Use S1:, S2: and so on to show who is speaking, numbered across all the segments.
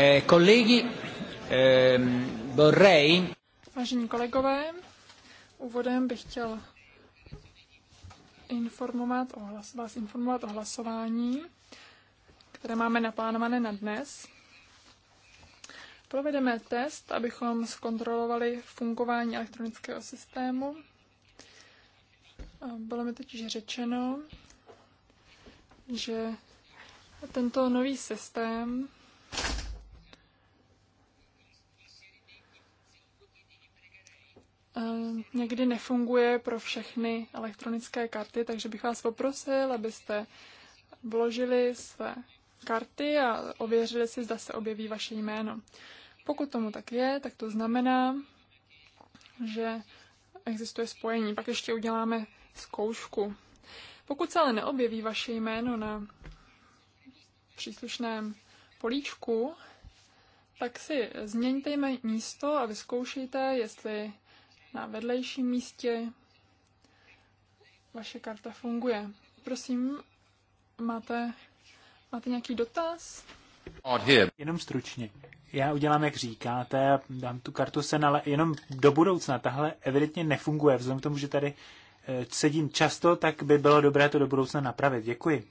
S1: Eh, ehm,
S2: Vážení kolegové, úvodem bych chtěl informovat o hlas, vás informovat o hlasování, které máme naplánované na dnes. Provedeme test, abychom zkontrolovali fungování elektronického systému. Bylo mi totiž řečeno, že tento nový systém někdy nefunguje pro všechny elektronické karty, takže bych vás poprosil, abyste vložili své karty a ověřili si, zda se objeví vaše jméno. Pokud tomu tak je, tak to znamená, že existuje spojení. Pak ještě uděláme zkoušku. Pokud se ale neobjeví vaše jméno na příslušném políčku, tak si změňte místo a vyzkoušejte, jestli na vedlejším místě. Vaše karta funguje. Prosím, máte, máte nějaký dotaz?
S3: Jenom stručně. Já udělám, jak říkáte, dám tu kartu sen, ale jenom do budoucna. Tahle evidentně nefunguje. Vzhledem k tomu, že tady eh, sedím často, tak by bylo dobré to do budoucna napravit. Děkuji.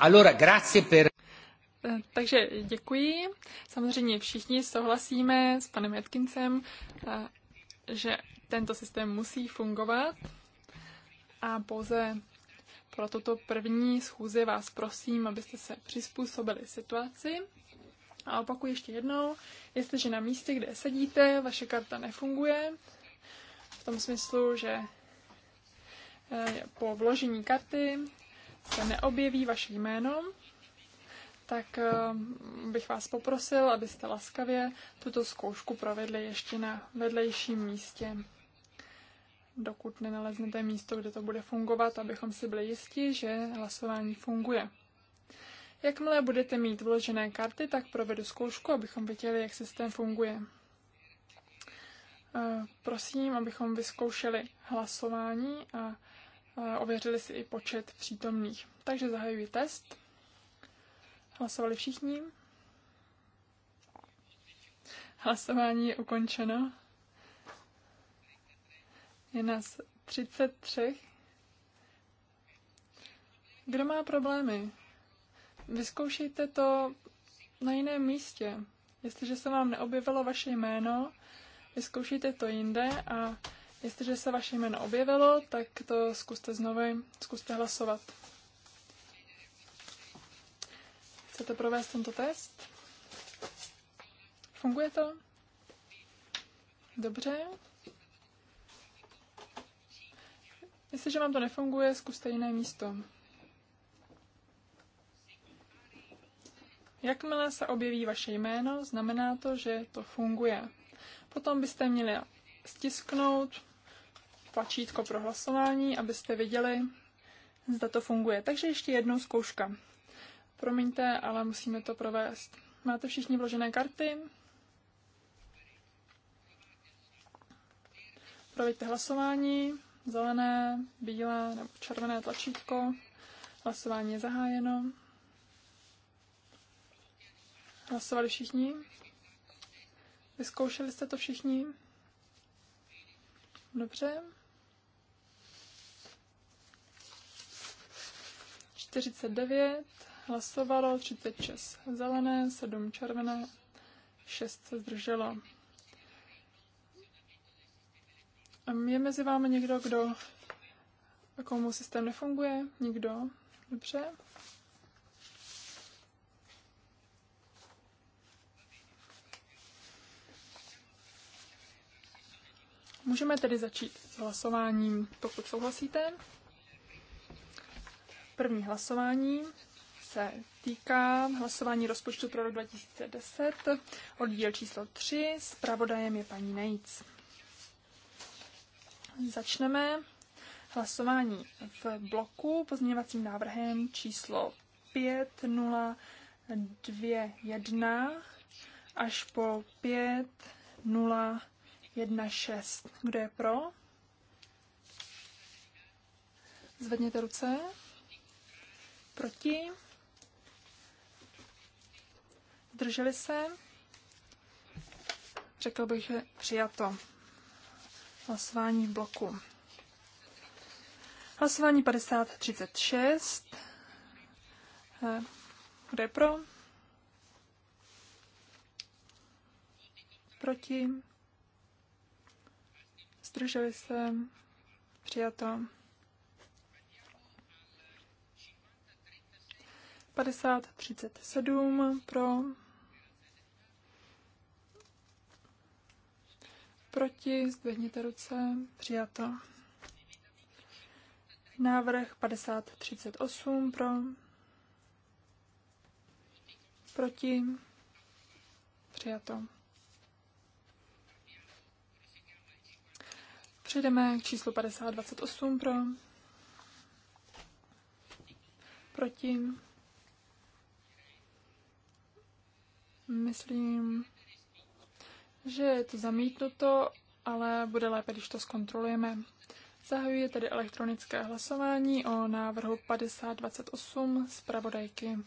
S3: Allora, grazie per...
S2: Takže děkuji. Samozřejmě všichni souhlasíme s panem Jatkincem, eh, že tento systém musí fungovat a pouze pro tuto první schůzi vás prosím, abyste se přizpůsobili situaci. A opakuji ještě jednou, jestliže na místě, kde sedíte, vaše karta nefunguje, v tom smyslu, že eh, po vložení karty se neobjeví vaše jméno, tak eh, bych vás poprosil, abyste laskavě tuto zkoušku provedli ještě na vedlejším místě, dokud nenaleznete místo, kde to bude fungovat, abychom si byli jistí, že hlasování funguje. Jakmile budete mít vložené karty, tak provedu zkoušku, abychom viděli, jak systém funguje. Eh, prosím, abychom vyzkoušeli hlasování a eh, ověřili si i počet přítomných. Takže zahajuji test. Hlasovali všichni? Hlasování je ukončeno. Je nás 33. Kdo má problémy? Vyzkoušejte to na jiném místě. Jestliže se vám neobjevilo vaše jméno, vyzkoušejte to jinde a jestliže se vaše jméno objevilo, tak to zkuste znovu, zkuste hlasovat. chcete provést tento test? Funguje to? Dobře. Jestliže vám to nefunguje, zkuste jiné místo. Jakmile se objeví vaše jméno, znamená to, že to funguje. Potom byste měli stisknout tlačítko pro hlasování, abyste viděli, zda to funguje. Takže ještě jednou zkouška. Promiňte, ale musíme to provést. Máte všichni vložené karty? Proveďte hlasování. Zelené, bílé nebo červené tlačítko. Hlasování je zahájeno. Hlasovali všichni? Vyzkoušeli jste to všichni? Dobře. 49 hlasovalo, 36 zelené, 7 červené, 6 se zdrželo. Je mezi vámi někdo, kdo komu systém nefunguje? Nikdo? Dobře. Můžeme tedy začít s hlasováním, pokud souhlasíte. První hlasování se týká hlasování rozpočtu pro rok 2010, oddíl číslo 3, pravodajem je paní Nejc. Začneme hlasování v bloku pozměňovacím návrhem číslo 5021 až po 5016. Kdo je pro? Zvedněte ruce. Proti? drželi se? Řekl bych, že přijato. Hlasování v bloku. Hlasování 5036. Eh, kdo je pro? Proti? Zdrželi se? Přijato. 50, 37 pro, Proti? Zdvihněte ruce. Přijato. Návrh 5038 pro. Proti? Přijato. Přejdeme k číslu 5028 pro. Proti. Myslím, že je to zamítnuto, ale bude lépe, když to zkontrolujeme. Zahajuji tedy elektronické hlasování o návrhu 5028 pravodajky.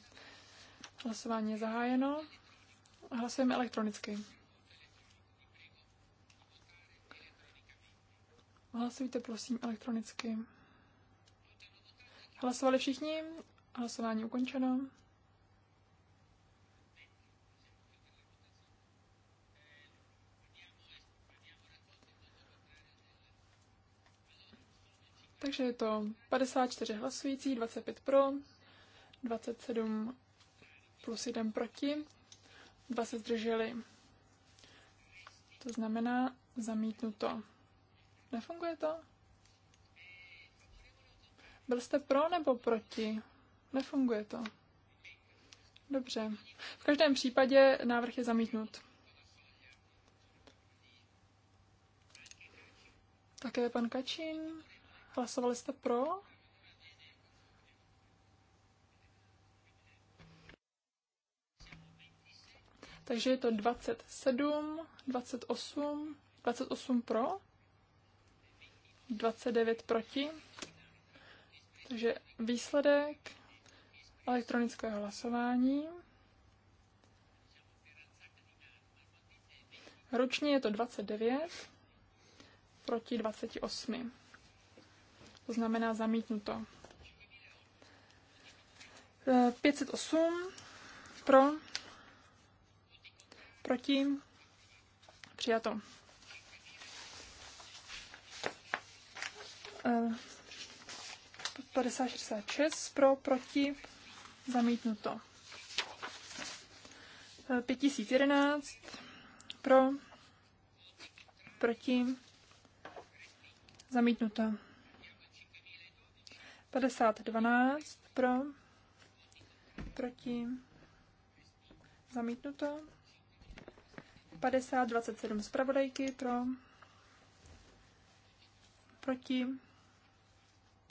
S2: Hlasování je zahájeno. Hlasujeme elektronicky. Hlasujte prosím elektronicky. Hlasovali všichni? Hlasování ukončeno. Takže je to 54 hlasující, 25 pro, 27 plus 1 proti, 2 se zdrželi. To znamená zamítnuto. Nefunguje to? Byl jste pro nebo proti? Nefunguje to. Dobře. V každém případě návrh je zamítnut. Také pan Kačín. Hlasovali jste pro? Takže je to 27, 28, 28 pro, 29 proti. Takže výsledek elektronického hlasování. Ročně je to 29 proti 28 to znamená zamítnuto. 508 eh, pro, proti, přijato. Uh, eh, 5066 pro, proti, zamítnuto. 5011 eh, pro, proti, zamítnuto. 5012 pro, proti, zamítnuto. 5027 zpravodajky pro, proti,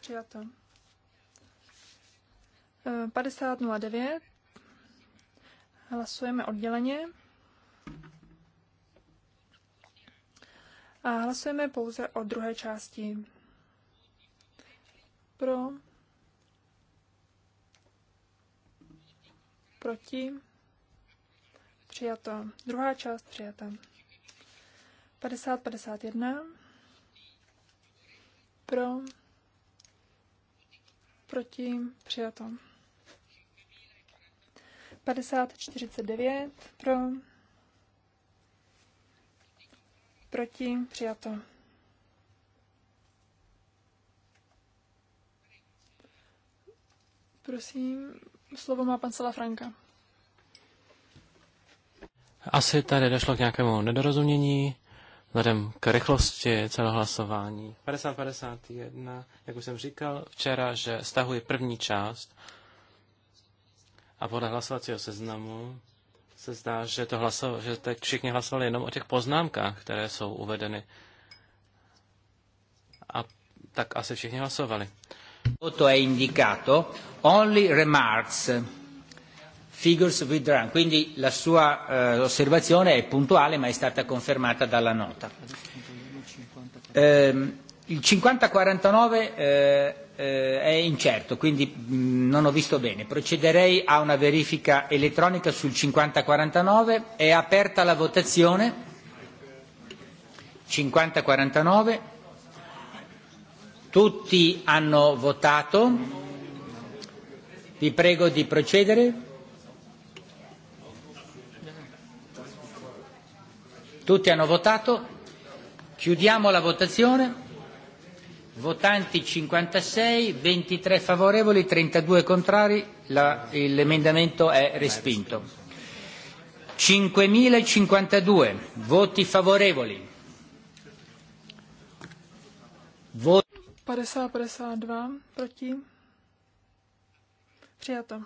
S2: přijato. 5009 hlasujeme odděleně. A hlasujeme pouze o druhé části pro, proti, přijato. Druhá část přijata. 50-51 pro, proti, přijato. 50-49 pro, proti, přijato. Prosím, slovo má pan Sala Franka.
S4: Asi tady došlo k nějakému nedorozumění vzhledem k rychlosti celého hlasování. 5051, jak už jsem říkal včera, že stahuji první část a podle hlasovacího seznamu se zdá, že, to hlaso, že teď všichni hlasovali jenom o těch poznámkách, které jsou uvedeny.
S1: A tak asi všichni hlasovali. Voto è indicato only remarks figures withdrawn, quindi la sua eh, osservazione è puntuale ma è stata confermata dalla nota. Eh, il 5049 eh, eh, è incerto, quindi mh, mm, non ho visto bene. Procederei a una verifica elettronica sul 5049. È aperta la votazione. 5049. Tutti hanno votato? Vi prego di procedere. Tutti hanno votato? Chiudiamo la votazione. Votanti 56, 23 favorevoli, 32 contrari. l'emendamento è respinto. 5.052 voti favorevoli. Voti
S2: 50, 52 proti. Přijato.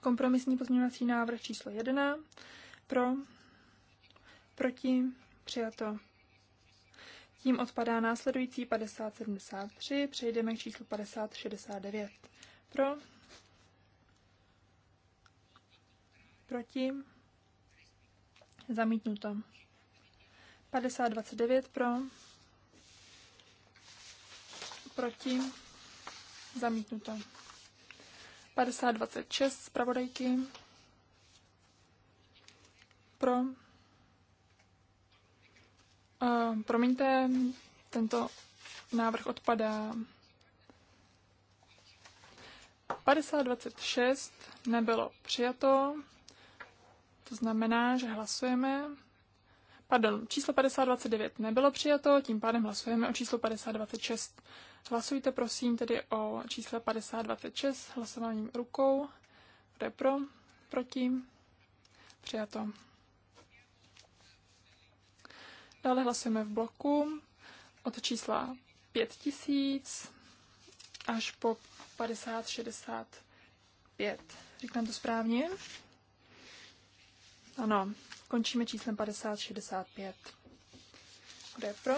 S2: Kompromisní pozměňovací návrh číslo 1. Pro. Proti. Přijato. Tím odpadá následující 5073. Přejdeme k číslu 5069. Pro. Proti. Zamítnuto. 5029 pro proti, zamítnuto. 50-26 zpravodajky, pro, uh, promiňte, tento návrh odpadá. 50-26 nebylo přijato, to znamená, že hlasujeme Pardon, číslo 5029 nebylo přijato, tím pádem hlasujeme o číslo 5026. Hlasujte prosím tedy o čísle 5026 hlasováním rukou. Kdo je pro? Proti? Přijato. Dále hlasujeme v bloku od čísla 5000 až po 5065. Říkám to správně? Ano, Končíme číslem 5065. Kdo je pro?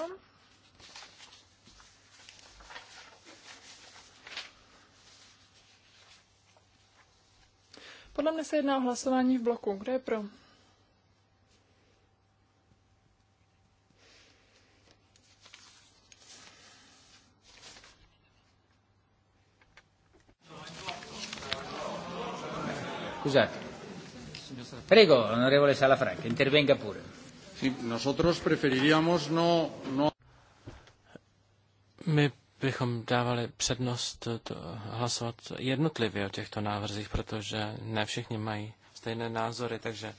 S2: Podle mě se jedná o hlasování v bloku. Kdo je pro?
S1: Scusate. Prego, onorevole Salafranca, intervenga pure. Sí, nosotros preferiríamos no, no... My bychom dávali
S4: přednost to, hlasovat jednotlivě o těchto návrzích, protože ne všichni mají stejné názory, takže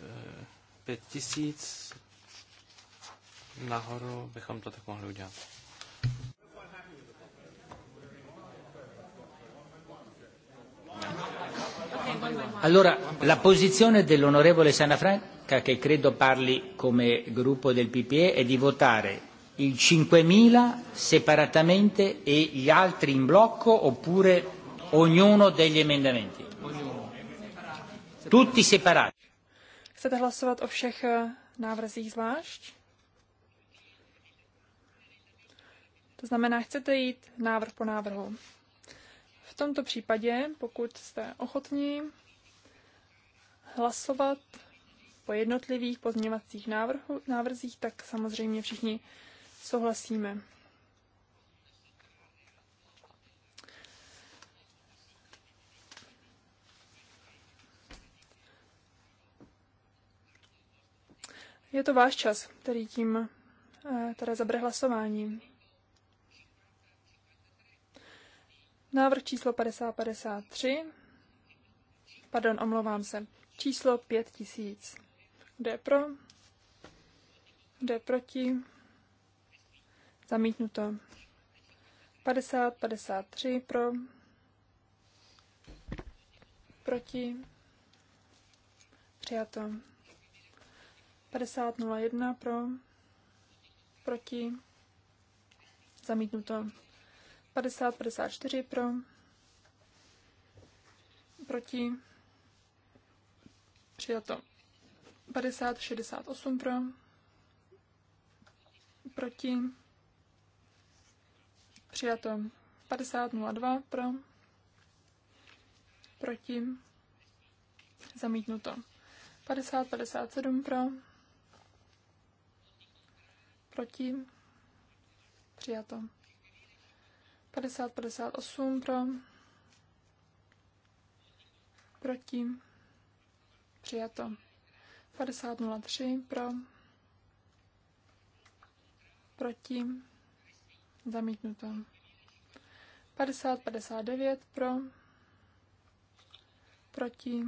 S4: eh, pět tisíc nahoru bychom to tak mohli udělat.
S1: Allora, la posizione dell'onorevole Sanafranca, che credo parli come gruppo del PPE, è di votare il 5.000 separatamente e gli altri in blocco oppure ognuno degli emendamenti? Tutti separati.
S2: Chcete hlasovat o všech eh, návrzích zvlášť? To znamená, chcete jít návrh po návrhu. V tomto případě, pokud jste ochotní, hlasovat po jednotlivých pozměňovacích návrhu, návrzích, tak samozřejmě všichni souhlasíme. Je to váš čas, který tím eh, tady zabere hlasování. Návrh číslo 5053. Pardon, omlouvám se. Číslo 5000. Jde pro? jde proti? Zamítnuto. 50, 53 pro. Proti. Přijato. 50, 01 pro. Proti. Zamítnuto. 50, 54 pro. Proti. Přijato. 50, 68 pro. Proti. Přijato. 50, 02 pro. Proti. Zamítnuto. 50, 57 pro. Proti. Přijato. 50, 58 pro. Proti. Přijato. 50.03 pro. Proti. Zamítnuto. 50.59 pro. Proti.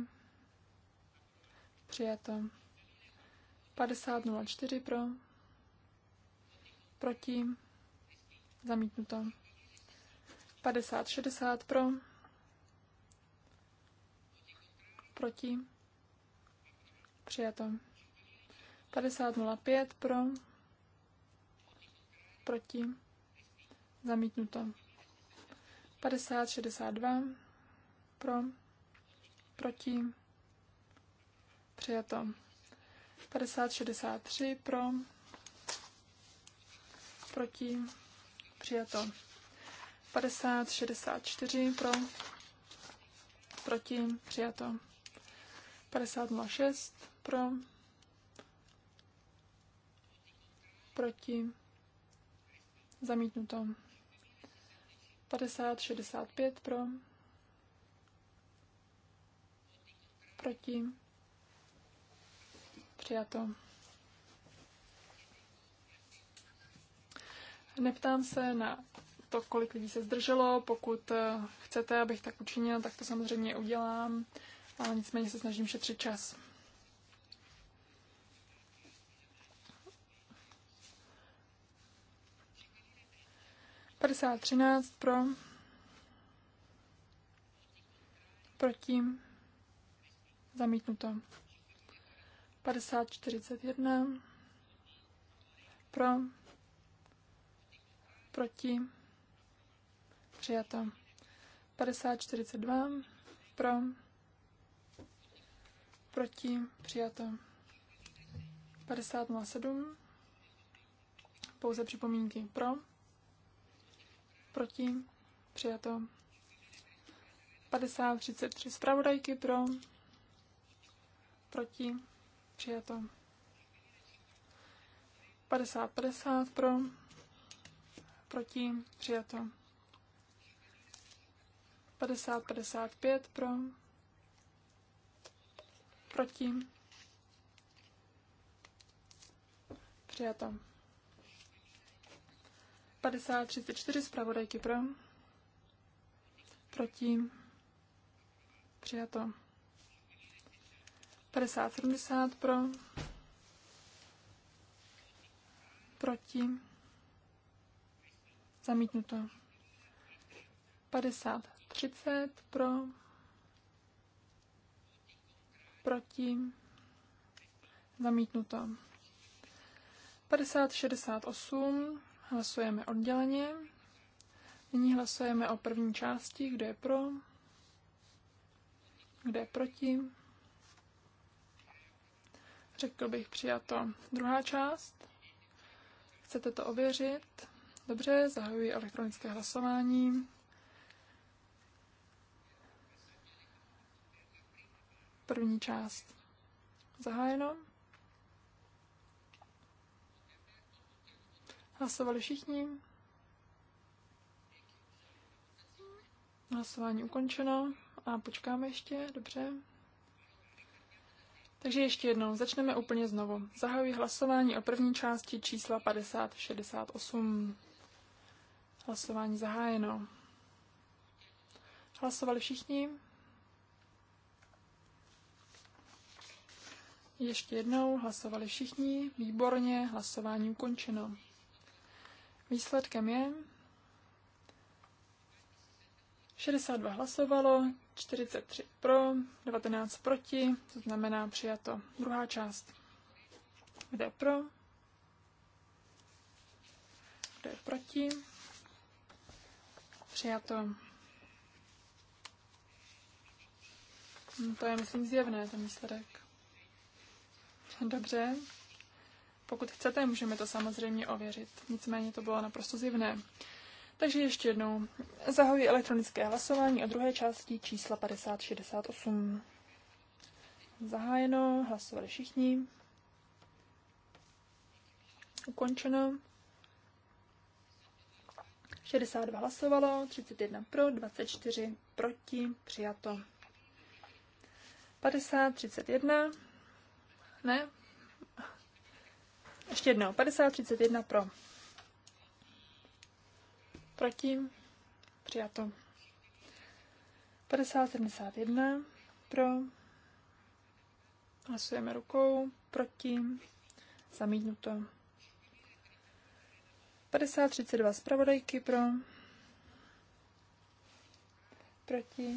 S2: Přijato. 50.04 pro. Proti. Zamítnuto. 50.60 pro. Proti. Přijato. 50.05 pro. Proti. Zamítnuto. 50.62 pro. Proti. Přijato. 50.63 pro. Proti. Přijato. 50.64 pro. Proti. Přijato. 50.06 pro, proti, zamítnuto. 50, 65 pro, proti, přijato. Neptám se na to, kolik lidí se zdrželo. Pokud eh, chcete, abych tak učinil, tak to samozřejmě udělám. Ale nicméně se snažím šetřit čas. 5013 pro, proti, zamítnuto. 5041 pro, proti, přijato. 5042 pro, proti, přijato. 5007 pouze připomínky pro, proti, přijato 50-33 zpravodajky pro, proti, přijato 50-50 pro, proti, přijato 50-55 pro, proti, přijato 50, 34 zpravodajky pro. Proti. Přijato. 50, 70 pro. Proti. Zamítnuto. 50, 30 pro. Proti. Zamítnuto. 50, 68 Hlasujeme odděleně. Nyní hlasujeme o první části, kde je pro, kde je proti. Řekl bych přijato druhá část. Chcete to ověřit? Dobře, zahajuji elektronické hlasování. První část. Zahájeno. Hlasovali všichni? Hlasování ukončeno a počkáme ještě, dobře. Takže ještě jednou, začneme úplně znovu. Zahajuji hlasování o první části čísla 5068. Hlasování zahájeno. Hlasovali všichni? Ještě jednou, hlasovali všichni, výborně, hlasování ukončeno. Výsledkem je 62 hlasovalo, 43 pro, 19 proti, to znamená přijato. Druhá část. Kdo je pro? Kdo je proti? Přijato. No to je, myslím, zjevné, ten výsledek. Dobře, pokud chcete, můžeme to samozřejmě ověřit. Nicméně to bylo naprosto zjevné. Takže ještě jednou. Zahajuji elektronické hlasování o druhé části čísla 5068. Zahájeno, hlasovali všichni. Ukončeno. 62 hlasovalo, 31 pro, 24 proti, přijato. 50, 31. Ne, ještě jednou, 50-31 pro. Proti, přijato. 50-71 pro. Hlasujeme rukou, proti, zamítnuto. 50-32 zpravodajky pro. Proti.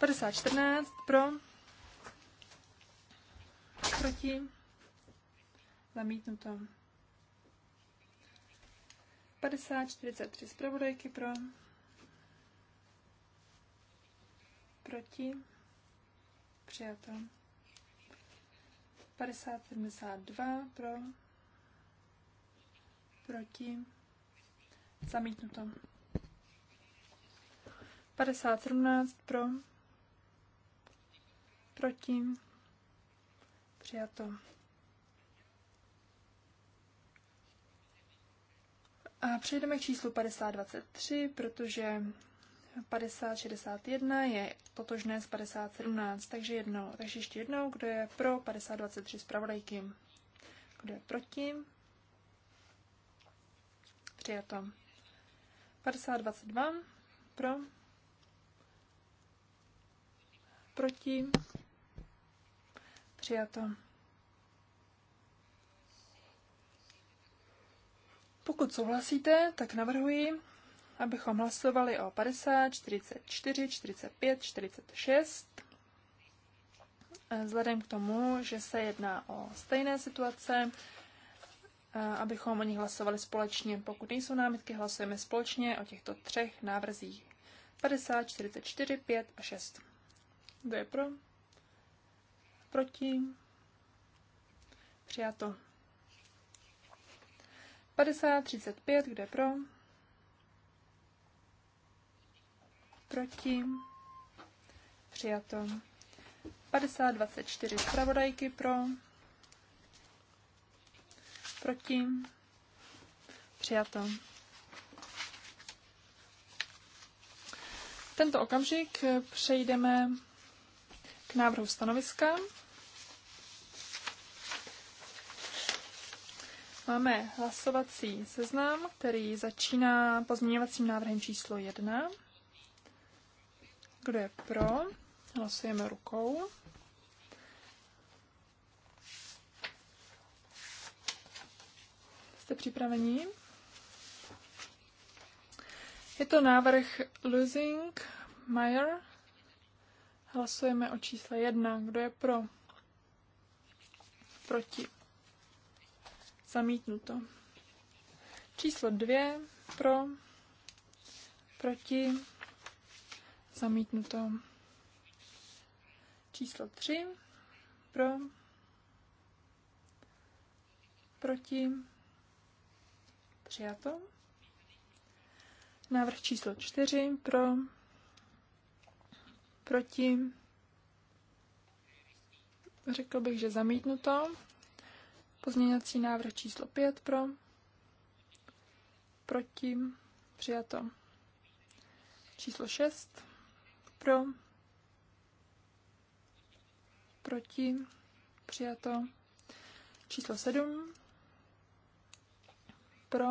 S2: 50-14 pro Proti? Zamítnuto. 50, 43 zpravodajky pro. Proti? Přijato. 50, 72 pro. Proti? Zamítnuto. 50, 17 pro. Proti? Přijato. A přejdeme k číslu 5023, protože 5061 je totožné s 5017, takže jednou. Takže ještě jednou, kdo je pro 5023 zpravodajky. Kdo je proti? Přijato. 5022 pro. Proti. Přijato. Pokud souhlasíte, tak navrhuji, abychom hlasovali o 50, 44, 45, 46. Vzhledem k tomu, že se jedná o stejné situace, abychom o nich hlasovali společně. Pokud nejsou námitky, hlasujeme společně o těchto třech návrzích. 50, 44, 5 a 6. Kdo je pro? Proti? Přijato. 50, 35, kde pro? Proti? Přijato. 50, 24, zpravodajky pro? Proti? Přijato. V tento okamžik přejdeme k návrhu stanoviska. Máme hlasovací seznam, který začíná pozměňovacím návrhem číslo 1. Kdo je pro? Hlasujeme rukou. Jste připraveni? Je to návrh Losing Meyer. Hlasujeme o čísle 1. Kdo je pro? Proti. Zamítnuto. Číslo dvě pro, proti, zamítnuto. Číslo tři pro, proti, přijato. Návrh číslo čtyři pro, proti, řekl bych, že zamítnuto. Pozměňovací návrh číslo 5 pro, proti, přijato. Číslo 6 pro, proti, přijato. Číslo 7 pro,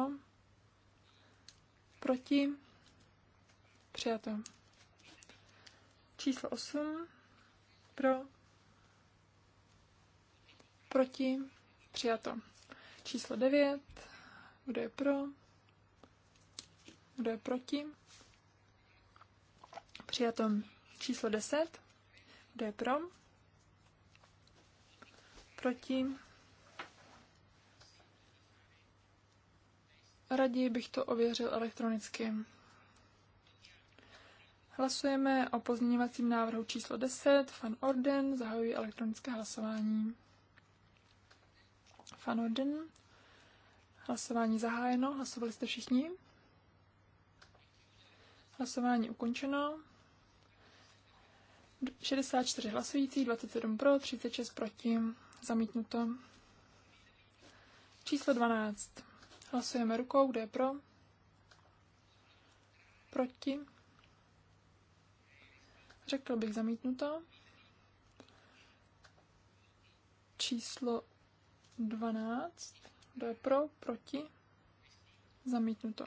S2: proti, přijato. Číslo 8 pro, proti, Přijato. Číslo 9. Kdo je pro? Kdo je proti? Přijato. Číslo 10. Kdo je pro? Proti? Raději bych to ověřil elektronicky. Hlasujeme o pozměňovacím návrhu číslo 10, fan Orden, zahajuji elektronické hlasování. Van Orden. Hlasování zahájeno. Hlasovali jste všichni? Hlasování ukončeno. 64 hlasující, 27 pro, 36 proti. Zamítnuto. Číslo 12. Hlasujeme rukou, kde je pro? Proti? Řekl bych zamítnuto. Číslo 12. Kdo je pro, proti? Zamítnuto.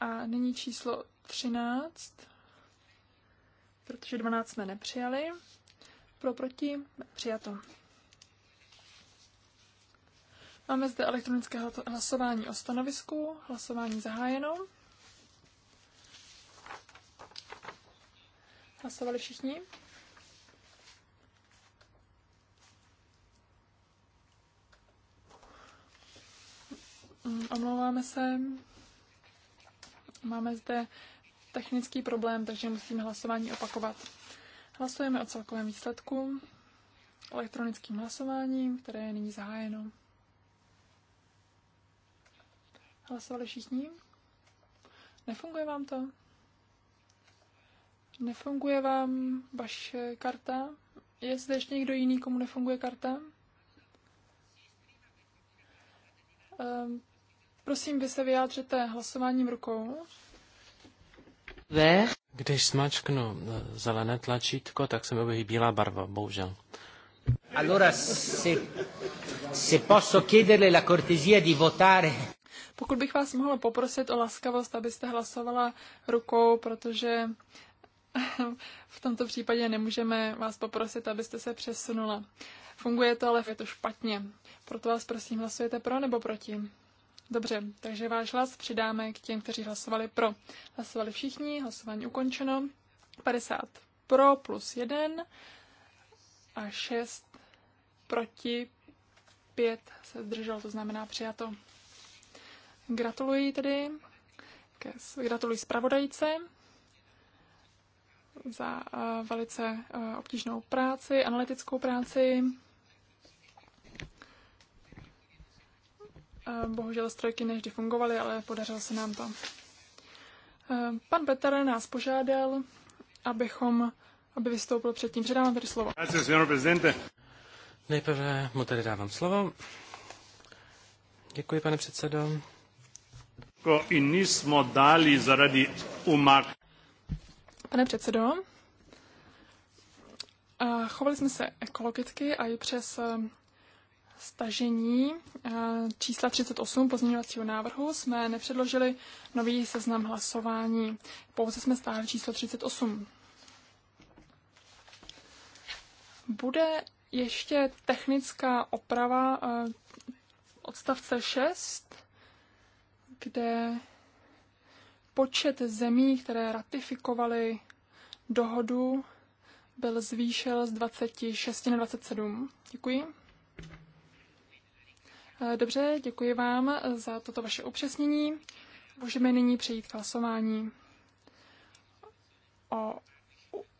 S2: A nyní číslo 13, protože 12 jsme nepřijali. Pro, proti? Přijato. Máme zde elektronické hlasování o stanovisku. Hlasování zahájeno. Hlasovali všichni? Mm, omlouváme se. Máme zde technický problém, takže musíme hlasování opakovat. Hlasujeme o celkovém výsledku elektronickým hlasováním, které je nyní zahájeno. Hlasovali všichni? Nefunguje vám to? Nefunguje vám vaše karta? Je zde ještě někdo jiný, komu nefunguje karta? Ehm, Prosím, vy se vyjádřete hlasováním rukou.
S4: Když smačknu eh, zelené tlačítko, tak se mi
S1: objeví bílá barva, bohužel. Allora, se, se posso chiederle la cortesia di votare.
S2: Pokud bych vás mohla poprosit o laskavost, abyste hlasovala rukou, protože v tomto případě nemůžeme vás poprosit, abyste se přesunula. Funguje to, ale je to špatně. Proto vás prosím, hlasujete pro nebo proti? Dobře, takže váš hlas přidáme k těm, kteří hlasovali pro. Hlasovali všichni, hlasování ukončeno. 50 pro plus 1 a 6 proti 5 se zdržel, to znamená přijato. Gratuluji tedy, gratuluji zpravodajce za eh, velice eh, obtížnou práci, analytickou práci. Bohužel strojky nevždy fungovaly, ale podařilo se nám to. Pan Petr nás požádal, abychom, aby vystoupil předtím. Předávám tedy slovo.
S4: Nejprve mu tedy dávám slovo. Děkuji, pane předsedo.
S3: dali
S2: Pane předsedo, chovali jsme se ekologicky a i přes stažení eh, čísla 38 pozměňovacího návrhu jsme nepředložili nový seznam hlasování. Pouze jsme stáhli číslo 38. Bude ještě technická oprava eh, odstavce 6, kde počet zemí, které ratifikovaly dohodu, byl zvýšel z 26 na 27. Děkuji. Eh, dobře, děkuji vám eh, za toto vaše upřesnění. Můžeme nyní přejít k hlasování o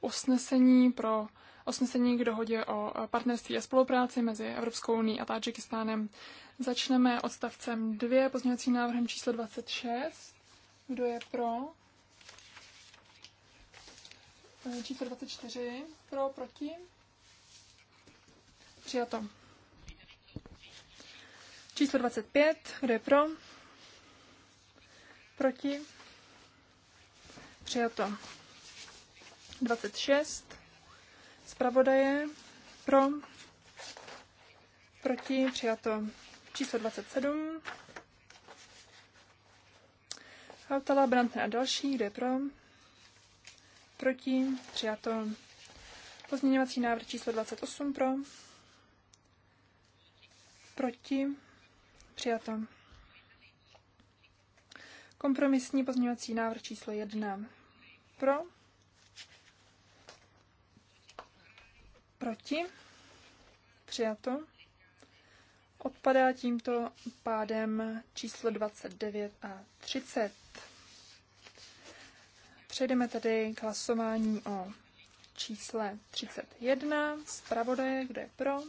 S2: usnesení pro usnesení k dohodě o eh, partnerství a spolupráci mezi Evropskou unii a Tadžikistánem. Začneme odstavcem 2, pozměňovacím návrhem číslo 26. Kdo je pro? Číslo 24. Pro, proti? Přijato. Číslo 25, kdo je pro? Proti? Přijato. 26, zpravodaje, pro? Proti? Přijato. Číslo 27. Hautala, Brantner a další, kdo je pro? Proti? Přijato. Pozměňovací návrh číslo 28 pro. Proti? Přijato. Kompromisní pozměňovací návrh číslo 1. Pro. Proti. Přijato. Odpadá tímto pádem číslo 29 a 30. Přejdeme tedy k hlasování o čísle 31. Zpravodaje, kdo je pro,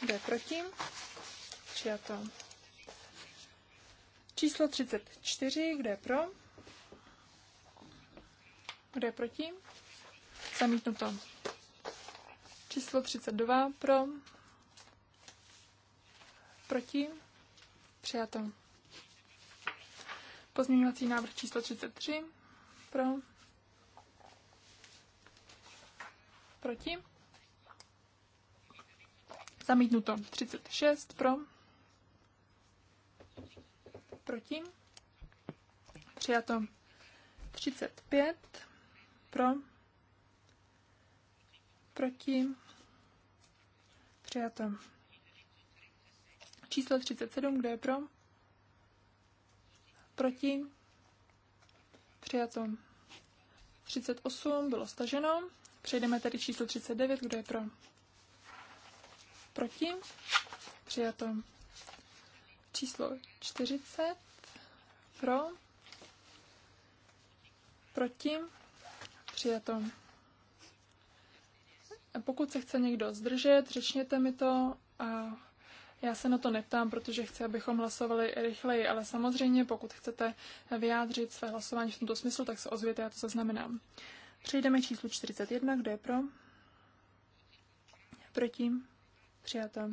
S2: kdo je proti. Přijato. Číslo 34, kde je pro? Kde je proti? Zamítnuto. Číslo 32, pro? Proti? Přijato. Pozměňovací návrh číslo 33, pro? Proti? Zamítnuto. 36, pro? proti. Přijato 35 pro, proti. Přijato číslo 37, kdo je pro, proti. Přijato 38, bylo staženo. Přejdeme tedy číslo 39, kdo je pro, proti. Přijato Číslo 40 pro, proti, přijato. Pokud se chce někdo zdržet, řečněte mi to a já se na to neptám, protože chci, abychom hlasovali rychleji, ale samozřejmě, pokud chcete vyjádřit své hlasování v tomto smyslu, tak se ozvěte, já to zaznamenám. Přejdeme číslu 41, kdo je pro? Proti? Přijatá.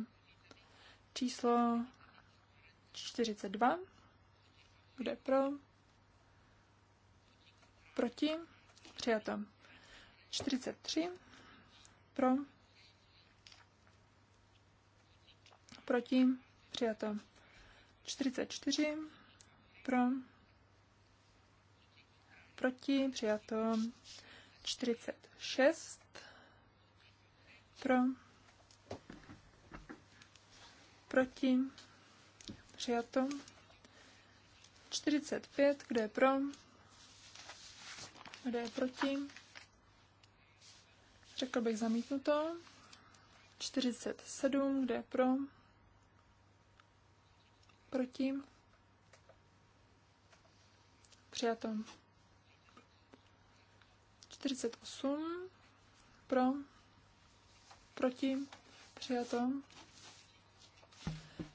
S2: Číslo 42. Kdo je pro? Proti? Přijato. 43. Pro? Proti? Přijato. 44. Pro? Proti? Přijato. 46. Pro? Proti? Přijato. 45, kdo je pro? Kdo je proti? Řekl bych zamítnuto. 47, kdo je pro? Proti? Přijato. 48, pro? Proti? Přijato.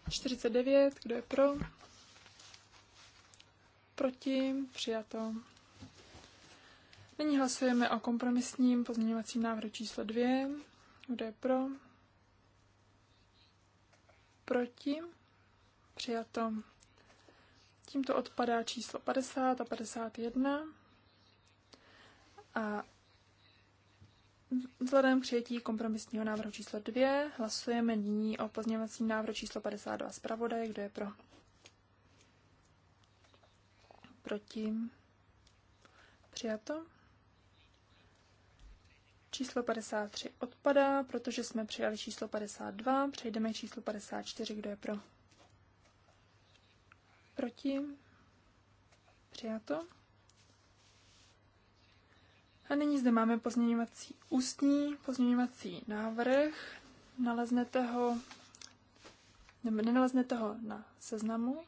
S2: 49, kdo je pro? Proti? Přijato. Nyní hlasujeme o kompromisním pozměňovacím návrhu číslo 2. Kdo je pro? Proti? Přijato. Tímto odpadá číslo 50 a 51. A Vzhledem k přijetí kompromisního návrhu číslo 2 hlasujeme nyní o pozměňovacím návrhu číslo 52 zpravodaje. Kdo je pro? Proti? Přijato? Číslo 53 odpadá, protože jsme přijali číslo 52. Přejdeme k číslu 54. Kdo je pro? Proti? Přijato? A nyní zde máme pozměňovací ústní pozměňovací návrh. Naleznete ho, nebo nenaleznete ho na seznamu.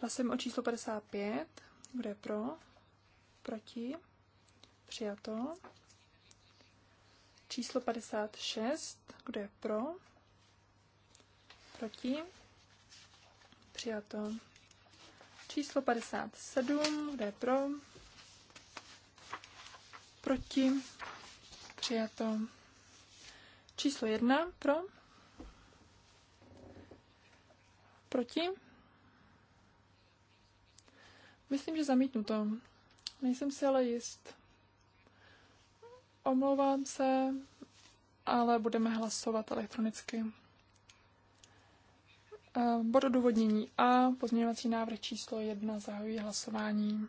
S2: Hlasujeme o číslo 55. Kdo je pro? Proti? Přijato. Číslo 56. Kdo je pro? Proti? Přijato. Číslo 57. Kdo je pro? proti, přijato. Číslo jedna pro, proti. Myslím, že zamítnu to. Nejsem si ale jist. Omlouvám se, ale budeme hlasovat elektronicky. Eh, bod odůvodnění A, pozměňovací návrh číslo 1, zahajuji hlasování.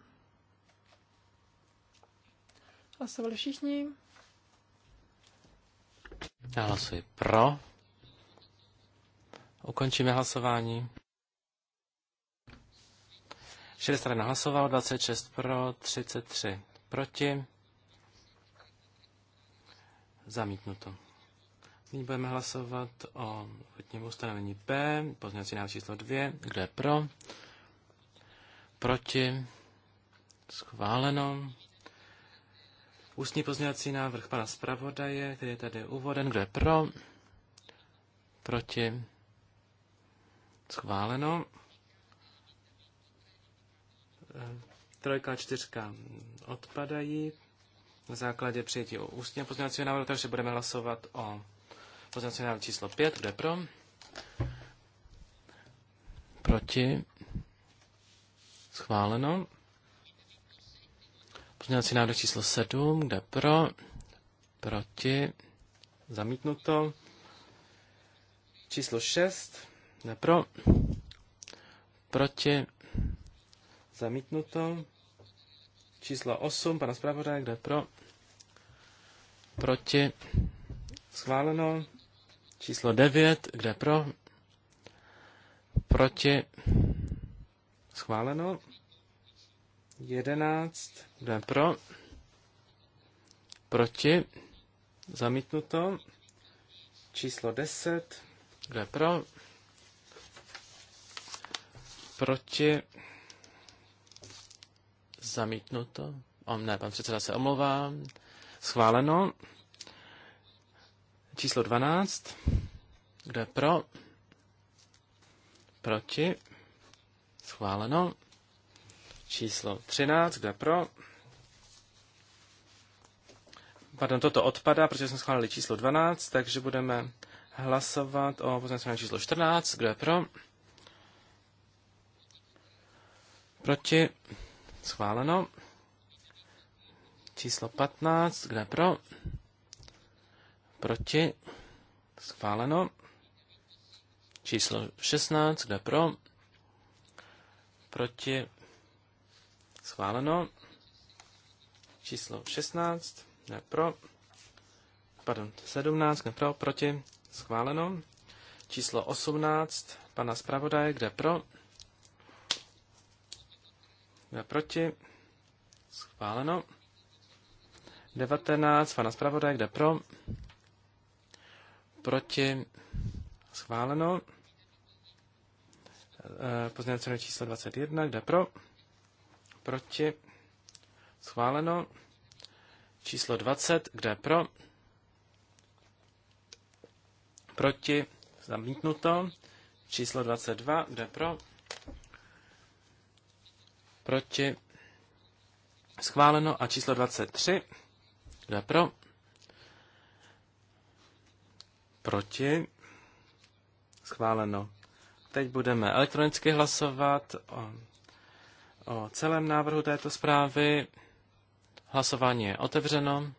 S2: Hlasovali všichni.
S4: Já hlasuji pro. Ukončíme hlasování. 6 stran 26 pro, 33 proti. Zamítnuto. Nyní budeme hlasovat o hodním ustanovení P, pozměňovací návrh číslo 2. Kdo je pro? Proti? Schváleno. Ústní pozměňovací návrh pana zpravodaje, který je tady uvoden. Kdo je pro? Proti? Schváleno. E, trojka a čtyřka odpadají na základě přijetí ústního pozměňovacího návrhu, takže budeme hlasovat o pozměňovacím návrhu číslo 5. Kdo je pro? Proti? Schváleno. Pozměňovací návrh číslo 7, kde pro, proti, zamítnuto. Číslo 6, kde pro, proti, zamítnuto. Číslo 8, pana zpravodaje, kde pro, proti, schváleno. Číslo 9, kde pro, proti, schváleno. 11. Kdo pro? Proti? Zamítnuto. Číslo 10. Kdo je pro? Proti? Zamítnuto. O, ne, pan předseda se omlouvá. Schváleno. Číslo 12. Kdo je pro? Proti? Schváleno číslo 13, kde pro. Pardon, toto odpadá, protože jsme schválili číslo 12, takže budeme hlasovat o pozměňovacím číslo 14, kde pro. Proti. Schváleno. Číslo 15, kde pro. Proti. Schváleno. Číslo 16, kde pro. Proti. Schváleno. Číslo 16, ne pro. Pardon, 17, ne pro, proti. Schváleno. Číslo 18, pana zpravodaje, kde pro. Kde proti. Schváleno. 19, pana zpravodaje, kde pro. Proti. Schváleno eh, pozměňovací číslo 21, kde pro, proti, schváleno. Číslo 20, kde je pro, proti, zamítnuto. Číslo 22, kde je pro, proti, schváleno. A číslo 23, kde je pro, proti, schváleno. Teď budeme elektronicky hlasovat o o celém návrhu této zprávy. Hlasování je otevřeno.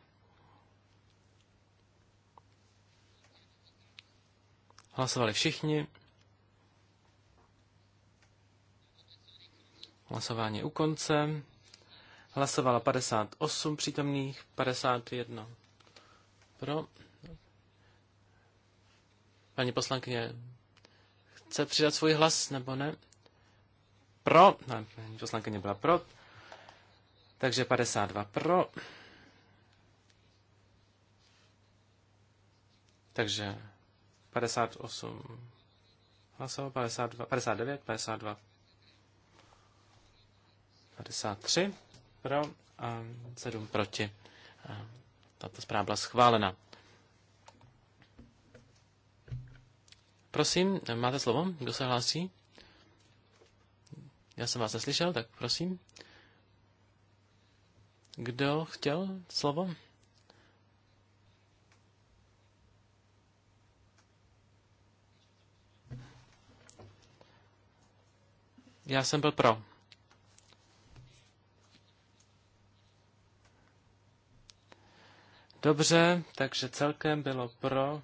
S4: Hlasovali všichni. Hlasování u konce. Hlasovalo 58 přítomných, 51 pro. Paní poslankyně chce přidat svůj hlas, nebo ne? pro, paní poslankyně byla pro, takže 52 pro. Takže 58 hlasovalo, 52, 59, 52, 53 pro a 7 proti. A tato zpráva byla schválena. Prosím, máte slovo? Kdo se hlásí? Já jsem vás neslyšel, tak prosím. Kdo chtěl slovo? Já jsem byl pro. Dobře, takže celkem bylo pro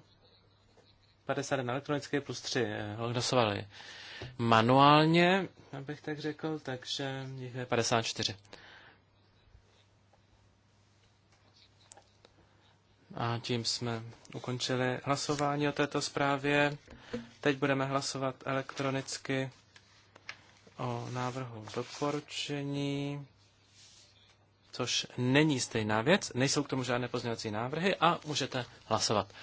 S4: 50 elektronické plus 3 eh, hlasovali manuálně, abych tak řekl, takže jich je 54. A tím jsme ukončili hlasování o této zprávě. Teď budeme hlasovat elektronicky o návrhu doporučení, což není stejná věc, nejsou k tomu žádné pozměňovací návrhy a můžete hlasovat.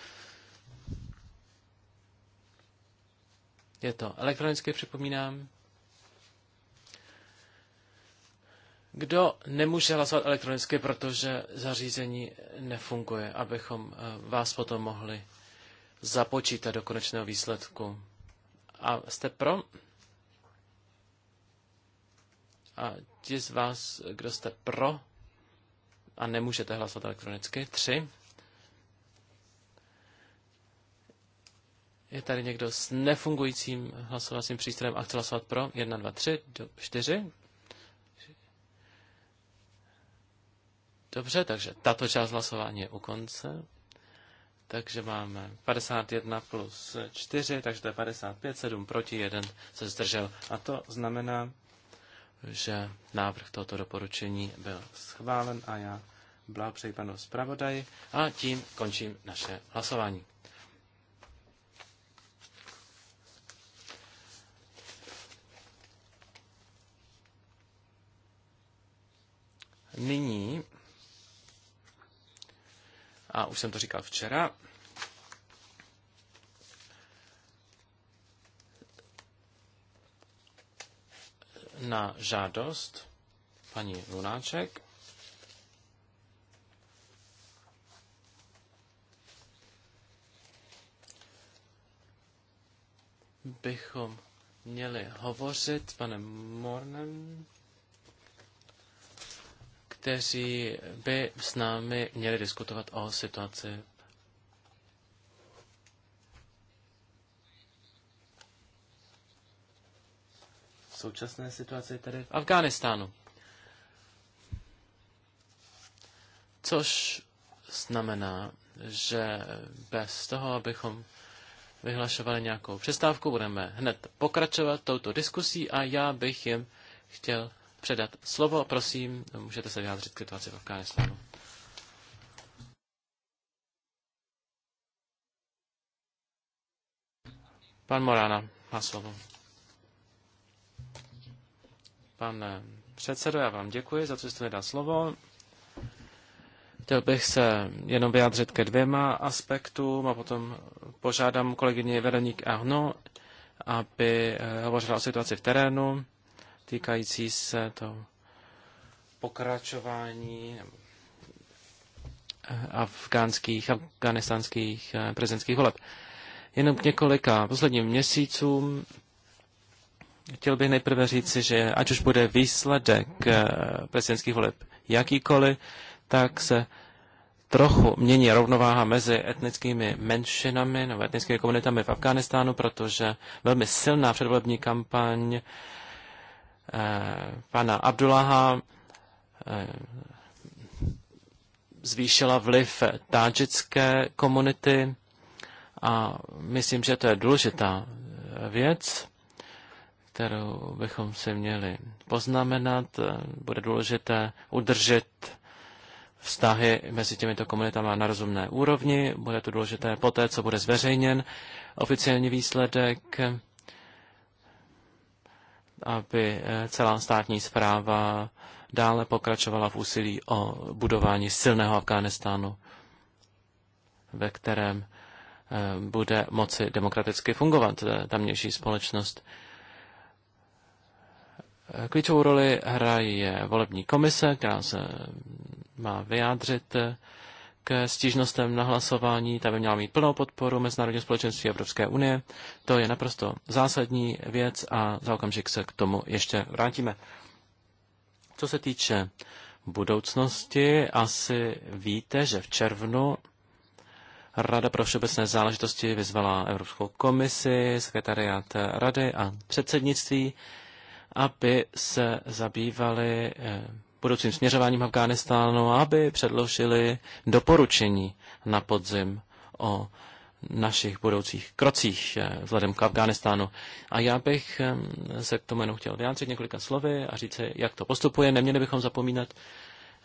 S4: Je to elektronicky, připomínám. Kdo nemůže hlasovat elektronicky, protože zařízení nefunguje, abychom eh, vás potom mohli započítat do konečného výsledku. A jste pro? A ti z vás, kdo jste pro a nemůžete hlasovat elektronicky, tři. Je tady někdo s nefungujícím hlasovacím přístrojem a chce hlasovat pro? 1, 2, 3, 4. Dobře, takže tato část hlasování je u konce. Takže máme 51 plus 4, takže to je 55, 7 proti 1 se zdržel. A to znamená, že návrh tohoto doporučení byl schválen a já blahopřeji panu zpravodaji a tím končím naše hlasování. Nyní, a už jsem to říkal včera, na žádost paní Lunáček bychom měli hovořit s panem Mornem kteří by s námi měli diskutovat o situaci. Současné situaci tedy v Afghánistánu. Což znamená, že bez toho, abychom vyhlašovali nějakou přestávku, budeme hned pokračovat touto diskusí a já bych jim chtěl předat slovo. Prosím, můžete se vyjádřit k situaci v Afganistánu. Pan Morána má slovo. Pan, eh, předsedo, já vám děkuji za to, že jste mi dal slovo. Chtěl bych se jenom vyjádřit ke dvěma aspektům a potom požádám kolegyni Veronik Ahno, aby eh, hovořila o situaci v terénu týkající se toho pokračování afgánských, afganistánských eh, prezidentských voleb. Jenom k několika posledním měsícům chtěl bych nejprve říci, že ať už bude výsledek eh, prezidentských voleb jakýkoliv, tak se trochu mění rovnováha mezi etnickými menšinami nebo etnickými komunitami v Afganistánu, protože velmi silná předvolební kampaň Eh, pana Abdullaha eh, zvýšila vliv tádžické komunity a myslím, že to je důležitá eh, věc, kterou bychom si měli poznamenat. Bude důležité udržet vztahy mezi těmito komunitami na rozumné úrovni. Bude to důležité poté, co bude zveřejněn oficiální výsledek aby eh, celá státní zpráva dále pokračovala v úsilí o budování silného Afghánistánu, ve kterém eh, bude moci demokraticky fungovat eh, tamnější společnost. Klíčovou roli hraje volební komise, která se má vyjádřit ke stížnostem na hlasování, ta by měla mít plnou podporu Mezinárodního společenství Evropské unie. To je naprosto zásadní věc a za okamžik se k tomu ještě vrátíme. Co se týče budoucnosti, asi víte, že v červnu Rada pro všeobecné záležitosti vyzvala Evropskou komisi, sekretariát rady a předsednictví, aby se zabývali eh, budoucím směřováním Afghánistánu, aby předložili doporučení na podzim o našich budoucích krocích eh, vzhledem k Afghánistánu. A já bych se k tomu jenom chtěl vyjádřit několika slovy a říct, jak to postupuje. Neměli bychom zapomínat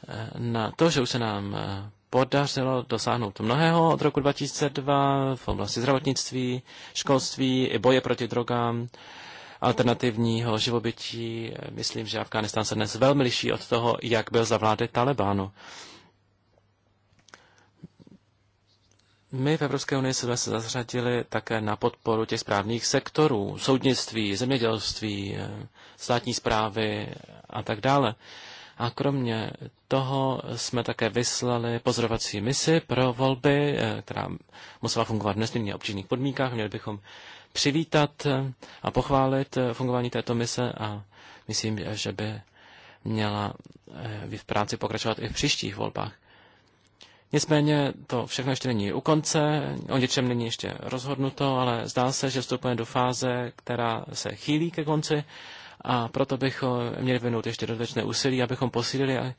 S4: eh, na to, že už se nám eh, podařilo dosáhnout mnohého od roku 2002 v oblasti zdravotnictví, školství i boje proti drogám, alternativního živobytí. Myslím, že Afghánistán se dnes velmi liší od toho, jak byl za vlády Talibánu. My v Evropské unii jsme se zařadili také na podporu těch správných sektorů, soudnictví, zemědělství, státní zprávy a tak dále. A kromě toho jsme také vyslali pozorovací misi pro volby, eh, která musela fungovat v nesmírně obtížných podmínkách. Měli bychom přivítat a pochválit fungování této mise a myslím, že by měla eh, v práci pokračovat i v příštích volbách. Nicméně to všechno ještě není u konce, o něčem není ještě rozhodnuto, ale zdá se, že vstupujeme do fáze, která se chýlí ke konci a proto bychom měli vynout ještě dodatečné úsilí, abychom posílili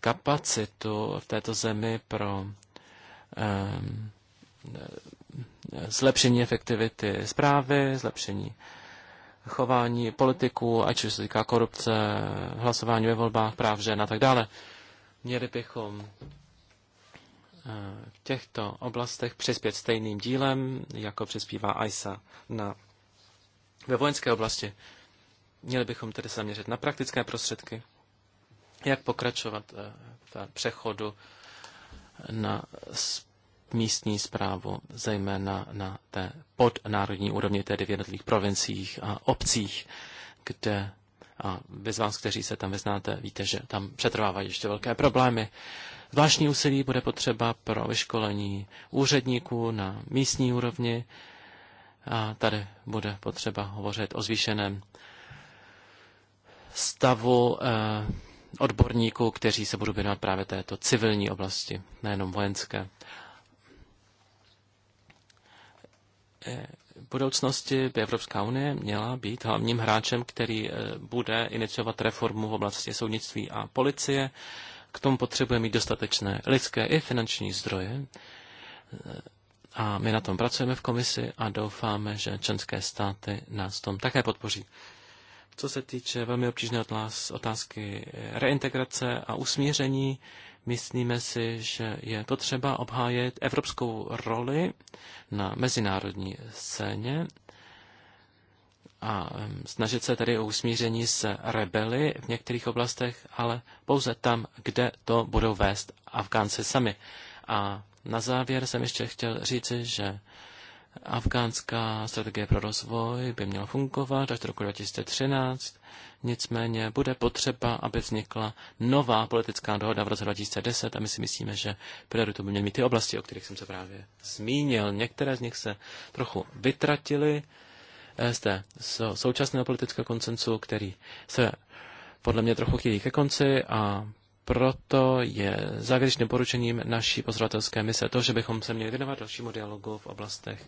S4: kapacitu v této zemi pro um, zlepšení efektivity zprávy, zlepšení chování politiků, ať už se týká korupce, hlasování ve volbách, práv žen a tak dále. Měli bychom eh, v těchto oblastech přispět stejným dílem, jako přispívá AISA na, ve vojenské oblasti. Měli bychom tedy zaměřit na praktické prostředky, jak pokračovat eh, v přechodu na místní zprávu, zejména na té podnárodní úrovni, tedy v jednotlivých provinciích a obcích, kde a vy z vás, kteří se tam vyznáte, víte, že tam přetrvávají ještě velké problémy. Zvláštní úsilí bude potřeba pro vyškolení úředníků na místní úrovni a tady bude potřeba hovořit o zvýšeném stavu eh, odborníků, kteří se budou věnovat právě této civilní oblasti, nejenom vojenské. Eh, budoucnosti by Evropská unie měla být hlavním hráčem, který eh, bude iniciovat reformu v oblasti soudnictví a policie. K tomu potřebuje mít dostatečné lidské i finanční zdroje. Eh, a my na tom pracujeme v komisi a doufáme, že členské státy nás tom také podpoří. Co se týče velmi obtížné otázky eh, reintegrace a usmíření, myslíme si, že je potřeba obhájet evropskou roli na mezinárodní scéně a snažit se tedy o usmíření s rebely v některých oblastech, ale pouze tam, kde to budou vést Afgánci sami. A na závěr jsem ještě chtěl říci, že Afgánská strategie pro rozvoj by měla fungovat až do roku 2013, nicméně bude potřeba, aby vznikla nová politická dohoda v roce 2010 a my si myslíme, že prioritu by měly mít ty oblasti, o kterých jsem se právě zmínil. Některé z nich se trochu vytratily z té současného politického koncensu, který se podle mě trochu chýlí ke konci a proto je závěrečným poručením naší pozorovatelské mise to, že bychom se měli věnovat dalšímu dialogu v oblastech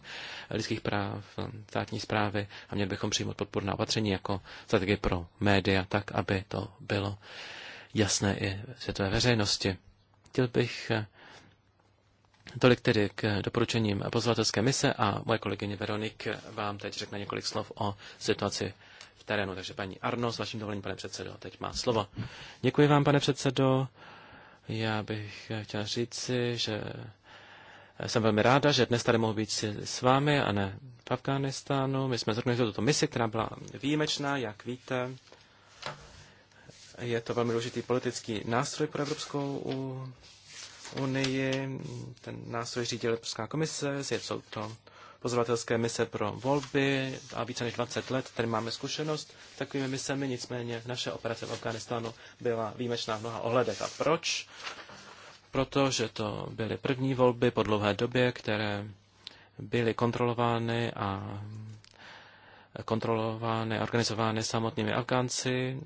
S4: lidských práv, státní zprávy a měli bychom přijmout podporná opatření jako strategie pro média, tak, aby to bylo jasné i světové veřejnosti. Chtěl bych eh, tolik tedy k doporučením pozorovatelské mise a moje kolegyně Veronik vám teď řekne několik slov o situaci terénu. Takže paní Arno, s vaším dovolením, pane předsedo, teď má slovo. Děkuji vám, pane předsedo. Já bych chtěl říci, že jsem velmi ráda, že dnes tady mohu být s vámi a ne v Afganistánu. My jsme zorganizovali tuto misi, která byla výjimečná, jak víte. Je to velmi důležitý politický nástroj pro Evropskou unii. Ten nástroj řídila Evropská komise, je, jsou to pozorovatelské mise pro volby a více než 20 let, tady máme zkušenost takovými misemi, nicméně naše operace v Afganistánu byla výjimečná v mnoha ohledech. A proč? Protože to byly první volby po dlouhé době, které byly kontrolovány a kontrolovány a organizovány samotnými Afgánci.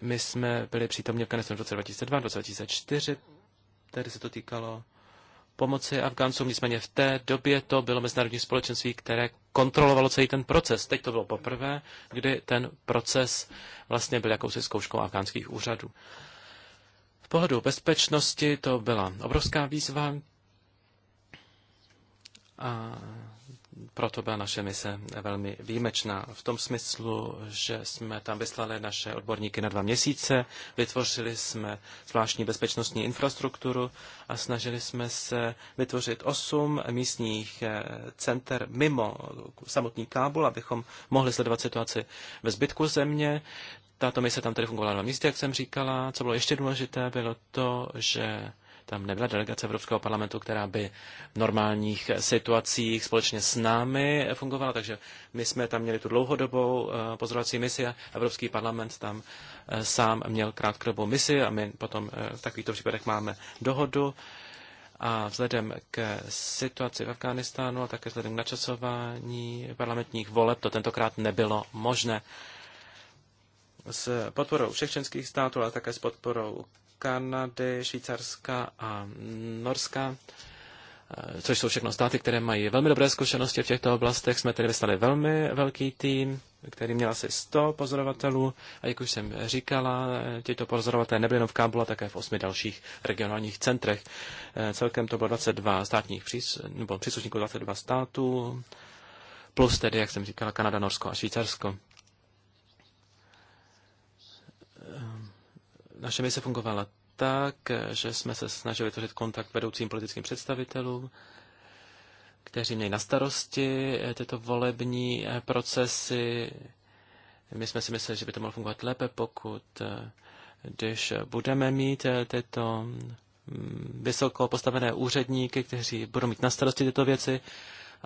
S4: My jsme byli přítomni v Afganistánu v roce 2002, 2004, tedy se to týkalo pomoci Afgáncům, nicméně v té době to bylo mezinárodní společenství, které kontrolovalo celý ten proces. Teď to bylo poprvé, kdy ten proces vlastně byl jakousi zkouškou afgánských úřadů. V pohledu bezpečnosti to byla obrovská výzva a proto byla naše mise velmi výjimečná v tom smyslu, že jsme tam vyslali naše odborníky na dva měsíce, vytvořili jsme zvláštní bezpečnostní infrastrukturu a snažili jsme se vytvořit osm místních eh, center mimo samotný Kábul, abychom mohli sledovat situaci ve zbytku země. Tato mise tam tedy fungovala dva měsíce, jak jsem říkala. Co bylo ještě důležité, bylo to, že tam nebyla delegace Evropského parlamentu, která by v normálních situacích společně s námi fungovala, takže my jsme tam měli tu dlouhodobou eh, pozorovací misi a Evropský parlament tam eh, sám měl krátkodobou misi a my potom eh, v takovýchto případech máme dohodu. A vzhledem k situaci v Afghánistánu a také vzhledem k načasování parlamentních voleb to tentokrát nebylo možné. S podporou všech členských států, ale také s podporou Kanady, Švýcarska a Norska, eh, což jsou všechno státy, které mají velmi dobré zkušenosti v těchto oblastech. Jsme tedy vystali velmi velký tým, který měl asi 100 pozorovatelů a jak už jsem říkala, eh, těto pozorovatelé nebyly jenom v Kábulu, ale také v osmi dalších regionálních centrech. Eh, celkem to bylo 22 státních přís, nebo příslušníků 22 států, plus tedy, jak jsem říkala, Kanada, Norsko a Švýcarsko. Naše mise fungovala tak, že jsme se snažili vytvořit kontakt vedoucím politickým představitelům, kteří měli na starosti eh, tyto volební eh, procesy. My jsme si mysleli, že by to mohlo fungovat lépe, pokud eh, když budeme mít tyto mm, vysoko postavené úředníky, kteří budou mít na starosti tyto věci,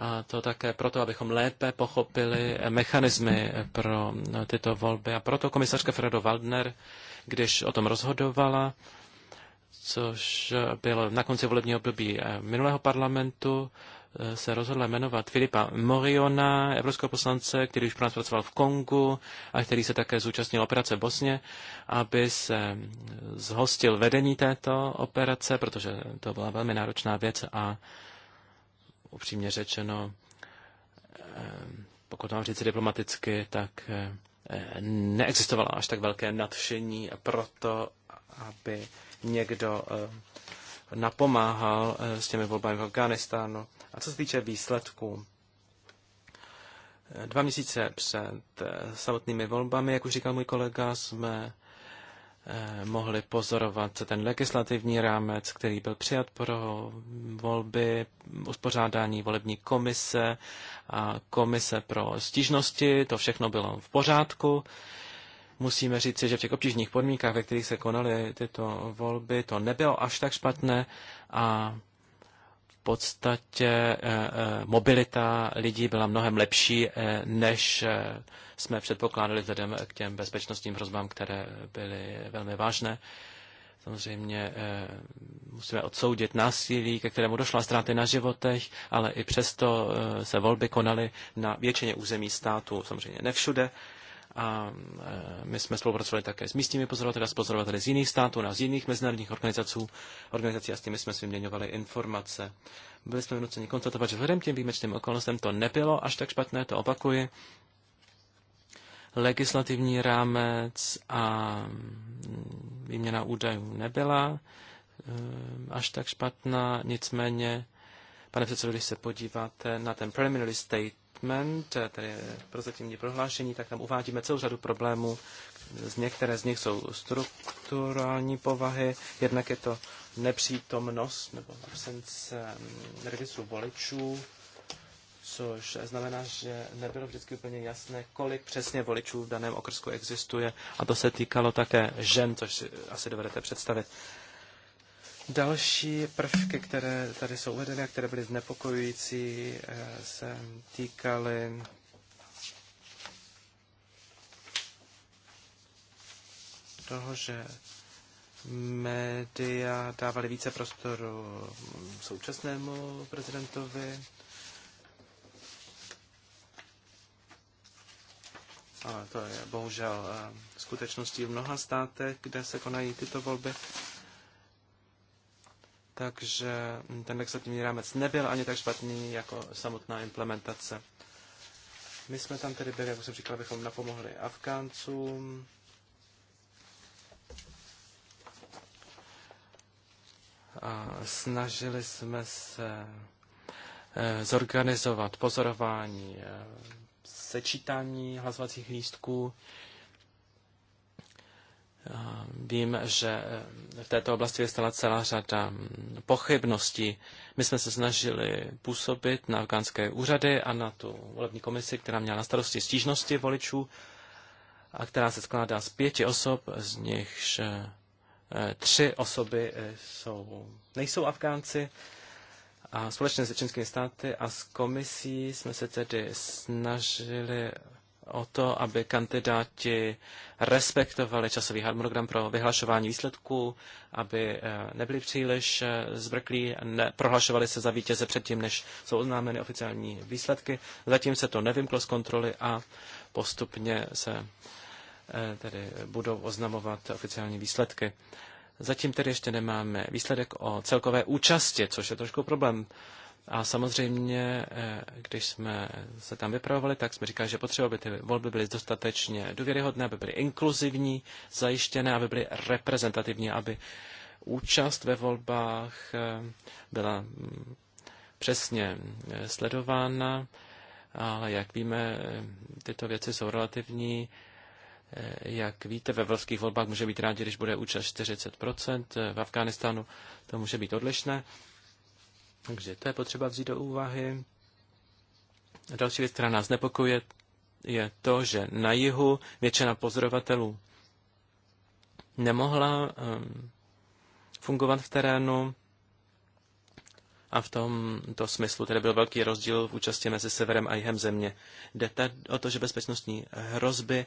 S4: a to také proto, abychom lépe pochopili mechanismy pro no, tyto volby. A proto komisařka Fredo Waldner když o tom rozhodovala, což bylo na konci volebního období eh, minulého parlamentu, eh, se rozhodla jmenovat Filipa Moriona, evropského poslance, který už pro nás pracoval v Kongu a který se také zúčastnil operace v Bosně, aby se zhostil vedení této operace, protože to byla velmi náročná věc a upřímně řečeno, eh, pokud mám říct diplomaticky, tak neexistovalo až tak velké nadšení pro to, aby někdo eh, napomáhal eh, s těmi volbami v Afganistánu. A co se týče výsledků, eh, dva měsíce před samotnými volbami, jak už říkal můj kolega, jsme Eh, mohli pozorovat ten legislativní rámec, který byl přijat pro volby, uspořádání volební komise a komise pro stížnosti. To všechno bylo v pořádku. Musíme říci, že v těch obtížných podmínkách, ve kterých se konaly tyto volby, to nebylo až tak špatné a podstatě eh, eh, mobilita lidí byla mnohem lepší, eh, než jsme předpokládali vzhledem k těm bezpečnostním hrozbám, které byly velmi vážné. Samozřejmě musíme odsoudit násilí, ke kterému došla ztráty na životech, ale i přesto se volby konaly na většině území státu, samozřejmě ne všude, a eh, my jsme spolupracovali také s místními pozorovateli a s pozorovateli z jiných států, na z jiných mezinárodních organizací, organizací a s nimi jsme si vyměňovali informace. Byli jsme vnuceni konstatovat, že vzhledem těm výjimečným okolnostem to nebylo až tak špatné, to opakuji. Legislativní rámec a mm, výměna údajů nebyla eh, až tak špatná, nicméně, pane předsedo, když se podíváte na ten preliminary state, Statement, eh, tedy prozatímní prohlášení, tak tam uvádíme celou řadu problémů. Z některé z nich jsou strukturální povahy, jednak je to nepřítomnost nebo absence mm, registru voličů, což znamená, že nebylo vždycky úplně jasné, kolik přesně voličů v daném okrsku existuje. A to se týkalo také žen, což si asi dovedete představit. Další prvky, které tady jsou uvedeny a které byly znepokojující, eh, se týkaly toho, že média dávaly více prostoru současnému prezidentovi. Ale to je bohužel eh, skutečností v mnoha státech, kde se konají tyto volby takže ten legislativní rámec nebyl ani tak špatný jako samotná implementace. My jsme tam tedy byli, jak jsem říkal, abychom napomohli Afgáncům. A snažili jsme se eh, zorganizovat pozorování eh, sečítání hlasovacích lístků Eh, vím, že eh, v této oblasti vystala celá řada mm, pochybností. My jsme se snažili působit na afgánské úřady a na tu volební komisi, která měla na starosti stížnosti voličů a která se skládá z pěti osob, z nichž eh, tři osoby jsou, nejsou Afgánci. A společně se čínskými státy a s komisí jsme se tedy snažili o to, aby kandidáti respektovali časový harmonogram pro vyhlašování výsledků, aby eh, nebyli příliš eh, zbrklí, prohlašovali se za vítěze předtím, než jsou oznámeny oficiální výsledky. Zatím se to nevymklo z kontroly a postupně se eh, tedy budou oznamovat oficiální výsledky. Zatím tedy ještě nemáme výsledek o celkové účasti, což je trošku problém a samozřejmě, eh, když jsme se tam vypravovali, tak jsme říkali, že potřeba, aby ty volby byly dostatečně důvěryhodné, aby byly inkluzivní, zajištěné, aby byly reprezentativní, aby účast ve volbách eh, byla mm, přesně eh, sledována, ale jak víme, tyto věci jsou relativní. Jak víte, ve evropských volbách může být rádi, když bude účast 40%, v Afghánistánu to může být odlišné. Takže to je potřeba vzít do úvahy. Další věc, která nás znepokojuje, je to, že na jihu většina pozorovatelů nemohla um, fungovat v terénu a v tomto smyslu tedy byl velký rozdíl v účasti mezi severem a jihem země. Jde tady o to, že bezpečnostní hrozby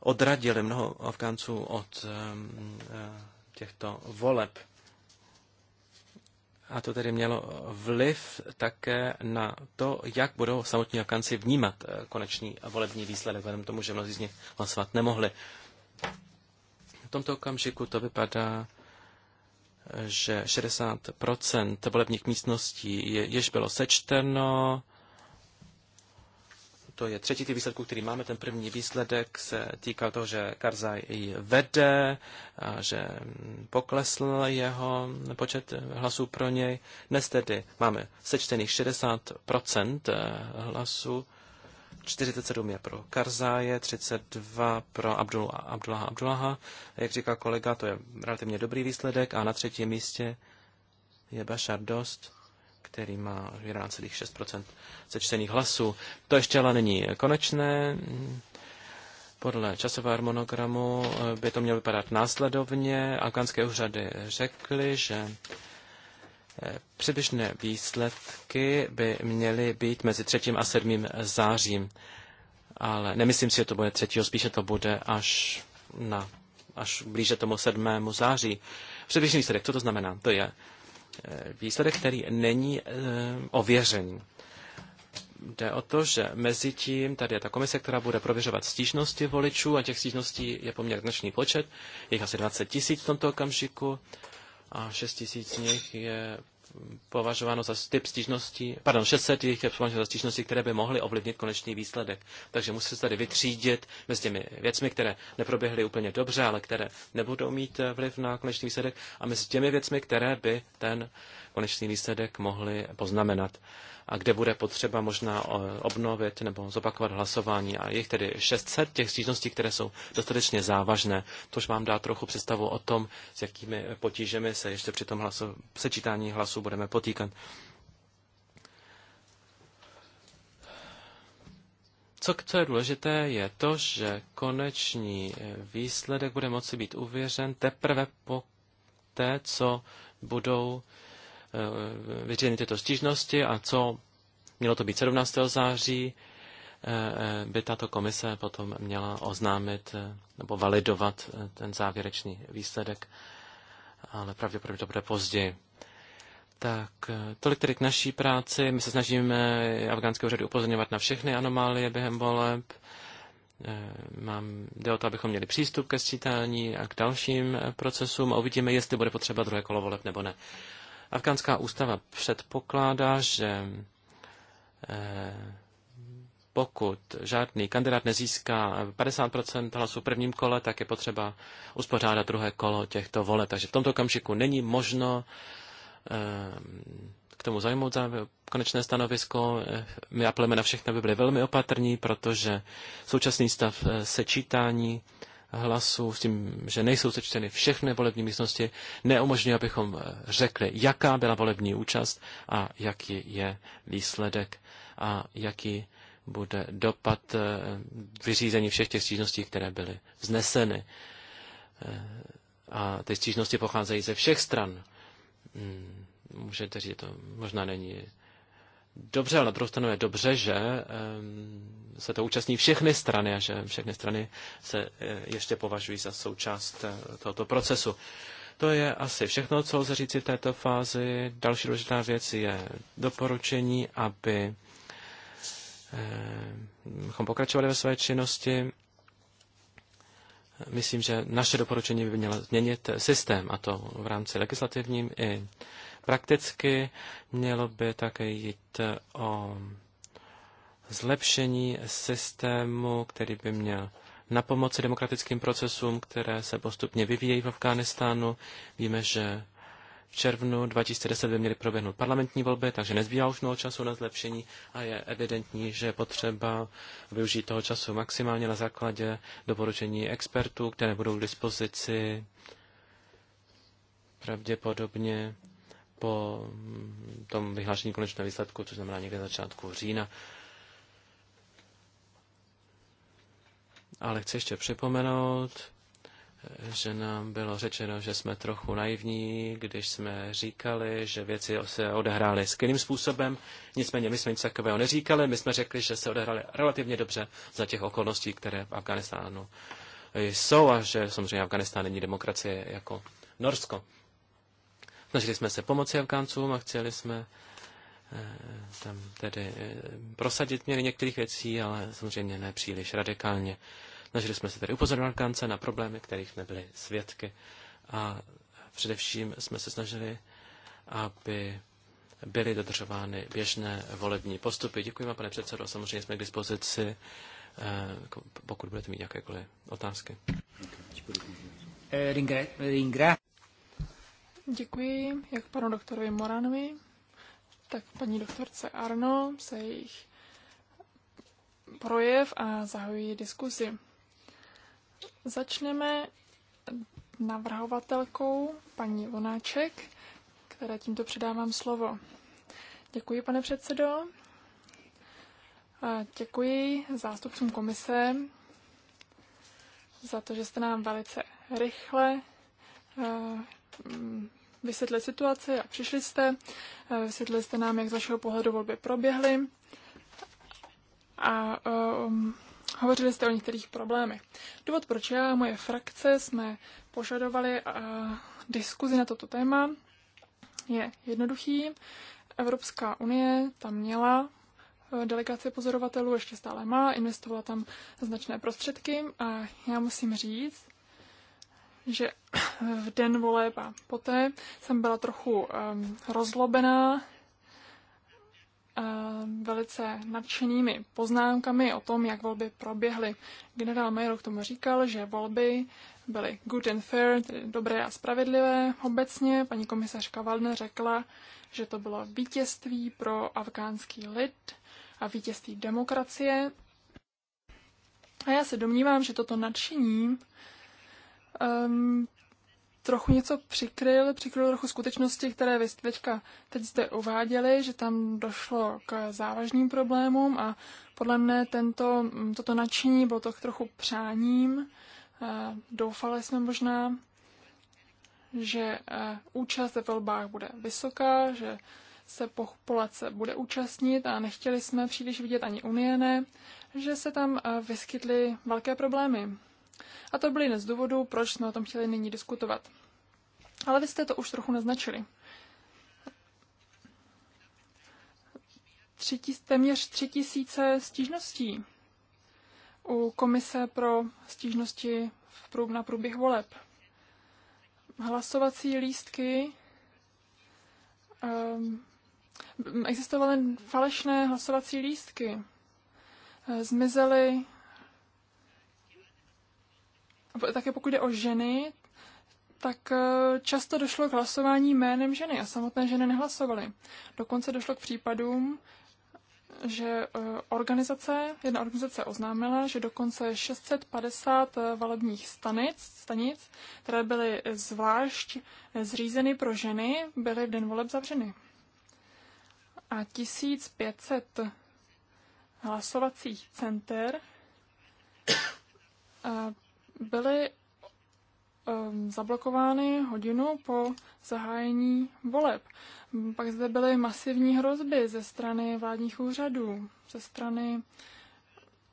S4: odradily mnoho Afgánců od um, eh, těchto voleb. A to tedy mělo vliv také na to, jak budou samotní Afganci vnímat eh, konečný volební výsledek, vzhledem tomu, že mnozí z nich hlasovat nemohli. V tomto okamžiku to vypadá, eh, že 60 volebních místností je, jež bylo sečteno, to je třetí ty výsledku, který máme. Ten první výsledek se týkal toho, že Karzaj ji vede, a že poklesl jeho počet hlasů pro něj. Dnes tedy máme sečtených 60% eh, hlasů. 47 je pro Karzáje, 32 pro Abdul, Abdullaha Abdullaha. Jak říká kolega, to je relativně dobrý výsledek. A na třetím místě je Bashar Dost který má 11,6 sečtených hlasů. To ještě ale není konečné. Podle časového harmonogramu eh, by to mělo vypadat následovně. Afgánské úřady řekly, že eh, Přibližné výsledky by měly být mezi 3. a 7. zářím, ale nemyslím si, že to bude 3. spíše to bude až, na, až blíže tomu 7. září. Přibližný výsledek, co to znamená? To je Eh, výsledek, který není eh, ověřený. Jde o to, že mezi tím tady je ta komise, která bude prověřovat stížnosti voličů a těch stížností je poměrně značný počet, je jich asi 20 tisíc v tomto okamžiku a 6 tisíc z nich je považováno za typ stížností, pardon, 600 jich je považováno za stížnosti, které by mohly ovlivnit konečný výsledek. Takže musí se tady vytřídit mezi těmi věcmi, které neproběhly úplně dobře, ale které nebudou mít eh, vliv na konečný výsledek, a mezi těmi věcmi, které by ten konečný výsledek mohly poznamenat a kde bude potřeba možná obnovit nebo zopakovat hlasování. A je tedy 600 těch stížností, které jsou dostatečně závažné, tož vám dá trochu představu o tom, s jakými potížemi se ještě při tom hlasu, sečítání hlasů budeme potýkat. Co, co je důležité, je to, že konečný eh, výsledek bude moci být uvěřen teprve po té, co budou eh, vyřízeny tyto stížnosti a co mělo to být 17. září, eh, by tato komise potom měla oznámit nebo validovat ten závěrečný výsledek, ale pravděpodobně to bude později. Tak, eh, tolik tedy k naší práci. My se snažíme afgánské úřady upozorňovat na všechny anomálie během voleb. Eh, mám, jde o to, abychom měli přístup ke sčítání a k dalším eh, procesům a uvidíme, jestli bude potřeba druhé kolo voleb nebo ne. Afgánská ústava předpokládá, že pokud žádný kandidát nezíská 50% hlasů v prvním kole, tak je potřeba uspořádat druhé kolo těchto voleb. Takže v tomto okamžiku není možno Ehm, k tomu zajmout za konečné stanovisko. Ehm, my apelujeme na všechny, aby byli velmi opatrní, protože současný stav eh, sečítání hlasů s tím, že nejsou sečteny všechny volební místnosti, neumožňuje, abychom eh, řekli, jaká byla volební účast a jaký je výsledek a jaký bude dopad eh, vyřízení všech těch stížností, které byly vzneseny. A ty stížnosti pocházejí ze všech stran Mm, můžete říct, to možná není dobře, ale na druhou stranu je dobře, že se to účastní všechny strany a že všechny strany se eh, ještě považují za součást eh, tohoto procesu. To je asi všechno, co lze říci v této fázi. Další důležitá věc je doporučení, aby eh, abychom pokračovali ve své činnosti Myslím, že naše doporučení by mělo změnit systém, a to v rámci legislativním i prakticky. Mělo by také jít o zlepšení systému, který by měl na pomoci demokratickým procesům, které se postupně vyvíjejí v Afghánistánu. Víme, že v červnu 2010 by měly proběhnout parlamentní volby, takže nezbývá už mnoho času na zlepšení a je evidentní, že je potřeba využít toho času maximálně na základě doporučení expertů, které budou k dispozici pravděpodobně po tom vyhlášení konečného výsledku, což znamená někde začátku října. Ale chci ještě připomenout, že nám bylo řečeno, že jsme trochu naivní, když jsme říkali, že věci se odehrály skvělým způsobem. Nicméně my jsme nic takového neříkali, my jsme řekli, že se odehrály relativně dobře za těch okolností, které v Afganistánu jsou a že samozřejmě Afganistán není demokracie jako Norsko. Snažili jsme se pomoci Afgáncům a chtěli jsme eh, tam tedy eh, prosadit měli některých věcí, ale samozřejmě ne příliš radikálně. Snažili jsme se tedy upozorňovat kance na problémy, kterých nebyly svědky a především jsme se snažili, aby byly dodržovány běžné volební postupy. Děkuji vám, pane předsedo. Samozřejmě jsme k dispozici, eh, jako pokud budete mít jakékoliv otázky.
S2: Děkuji jak panu doktorovi Moranovi, tak paní doktorce Arno se jejich projev a zahojí diskuzi. Začneme navrhovatelkou paní Vonáček, které tímto předávám slovo. Děkuji, pane předsedo. Děkuji zástupcům komise za to, že jste nám velice rychle eh, mm, vysvětlili situaci a přišli jste. Eh, vysvětlili jste nám, jak z vašeho pohledu volby proběhly. A um, Hovořili jste o některých problémech. Důvod, proč já a moje frakce jsme požadovali a, diskuzi na toto téma, je jednoduchý. Evropská unie tam měla e, delegace pozorovatelů, ještě stále má, investovala tam značné prostředky a já musím říct, že v den voleb a poté jsem byla trochu um, rozlobená Eh, velice nadšenými poznámkami o tom, jak volby proběhly. Generál Mayer k tomu říkal, že volby byly good and fair, tedy dobré a spravedlivé. Obecně paní komisařka Valne řekla, že to bylo vítězství pro afgánský lid a vítězství demokracie. A já se domnívám, že toto nadšení um, trochu něco přikryl, přikryl trochu skutečnosti, které vy teďka, teď jste uváděli, že tam došlo k závažným problémům a podle mne tento, mm, toto nadšení bylo to trochu přáním. Eh, doufali jsme možná, že eh, účast ve volbách bude vysoká, že se populace bude účastnit a nechtěli jsme příliš vidět ani Unie ne, že se tam eh, vyskytly velké problémy. A to byly jeden z důvodů, proč jsme o tom chtěli nyní diskutovat. Ale vy jste to už trochu naznačili. Tři tis, téměř tři tisíce stížností u Komise pro stížnosti v průb, na průběh voleb. Hlasovací lístky um, existovaly falešné hlasovací lístky. Eh, zmizely také pokud jde o ženy, tak eh, často došlo k hlasování jménem ženy a samotné ženy nehlasovaly. Dokonce došlo k případům, že eh, organizace, jedna organizace oznámila, že dokonce 650 eh, valebních stanic, stanic, které byly zvlášť zřízeny pro ženy, byly v den voleb zavřeny. A 1500 hlasovacích center byly Um, zablokovány hodinu po zahájení voleb. Pak zde byly masivní hrozby ze strany vládních úřadů, ze strany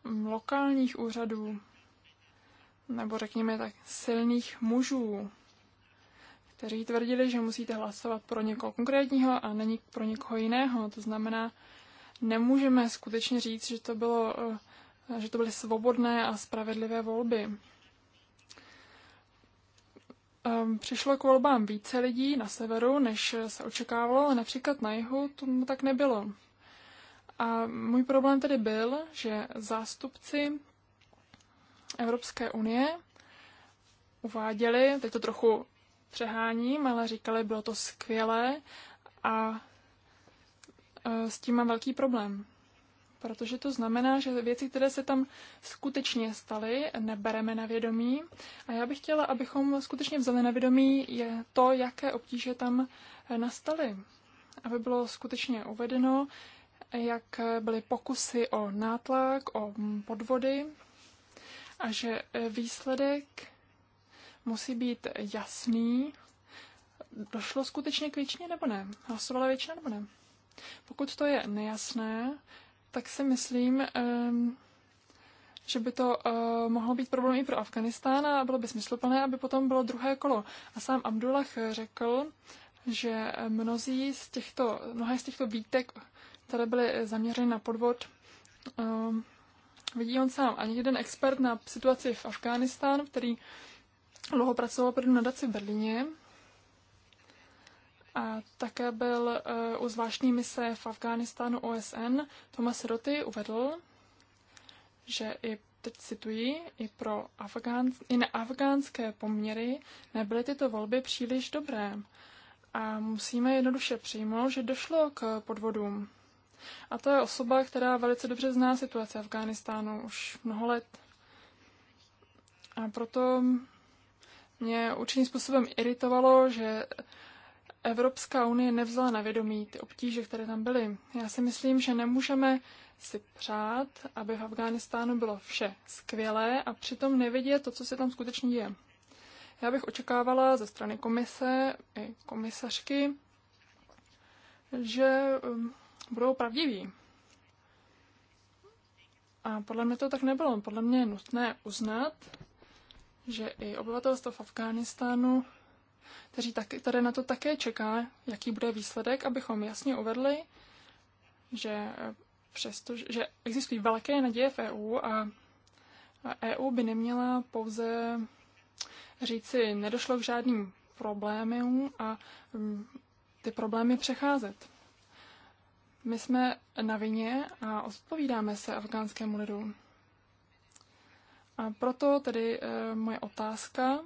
S2: mm, lokálních úřadů, nebo řekněme tak silných mužů, kteří tvrdili, že musíte hlasovat pro někoho konkrétního a není pro někoho jiného. To znamená, nemůžeme skutečně říct, že to, bylo, uh, že to byly svobodné a spravedlivé volby. Ehm, přišlo k volbám více lidí na severu, než se očekávalo, ale například na jihu to tak nebylo. A můj problém tedy byl, že zástupci Evropské unie uváděli, teď to trochu přeháním, ale říkali, bylo to skvělé a eh, s tím mám velký problém protože to znamená, že věci, které se tam skutečně staly, nebereme na vědomí. A já bych chtěla, abychom skutečně vzali na vědomí je to, jaké obtíže tam eh, nastaly. Aby bylo skutečně uvedeno, jak byly pokusy o nátlak, o mm, podvody a že eh, výsledek musí být jasný. Došlo skutečně k většině nebo ne? Hlasovala většina nebo ne? Pokud to je nejasné, tak si myslím, že by to eh, mohlo být problém i pro Afganistán a bylo by smysluplné, aby potom bylo druhé kolo. A sám Abdullah řekl, že mnozí z těchto, mnohé z těchto výtek, které byly zaměřeny na podvod, vidí on sám. Ani jeden expert na situaci v Afghánistánu, který dlouho pracoval pro nadaci v Berlíně, a také byl eh, u zvláštní mise v Afghánistánu OSN Thomas Roty uvedl, že i teď cituji, i pro Afgán, i na afgánské poměry nebyly tyto volby příliš dobré. A musíme jednoduše přijmout, že došlo k podvodům. A to je osoba, která velice dobře zná situaci Afghánistánu už mnoho let. A proto mě určitým způsobem iritovalo, že Evropská unie nevzala na vědomí ty obtíže, které tam byly. Já si myslím, že nemůžeme si přát, aby v Afghánistánu bylo vše skvělé a přitom nevidět to, co se tam skutečně děje. Já bych očekávala ze strany komise i komisařky, že um, budou pravdiví. A podle mě to tak nebylo. Podle mě je nutné uznat, že i obyvatelstvo v Afghánistánu kteří taky, tady na to také čeká, jaký bude výsledek, abychom jasně uvedli, že eh, přesto, že existují velké naděje v EU a EU by neměla pouze říci, nedošlo k žádným problémům a mm, ty problémy přecházet. My jsme na vině a odpovídáme se afgánskému lidu. A proto tedy e, moje otázka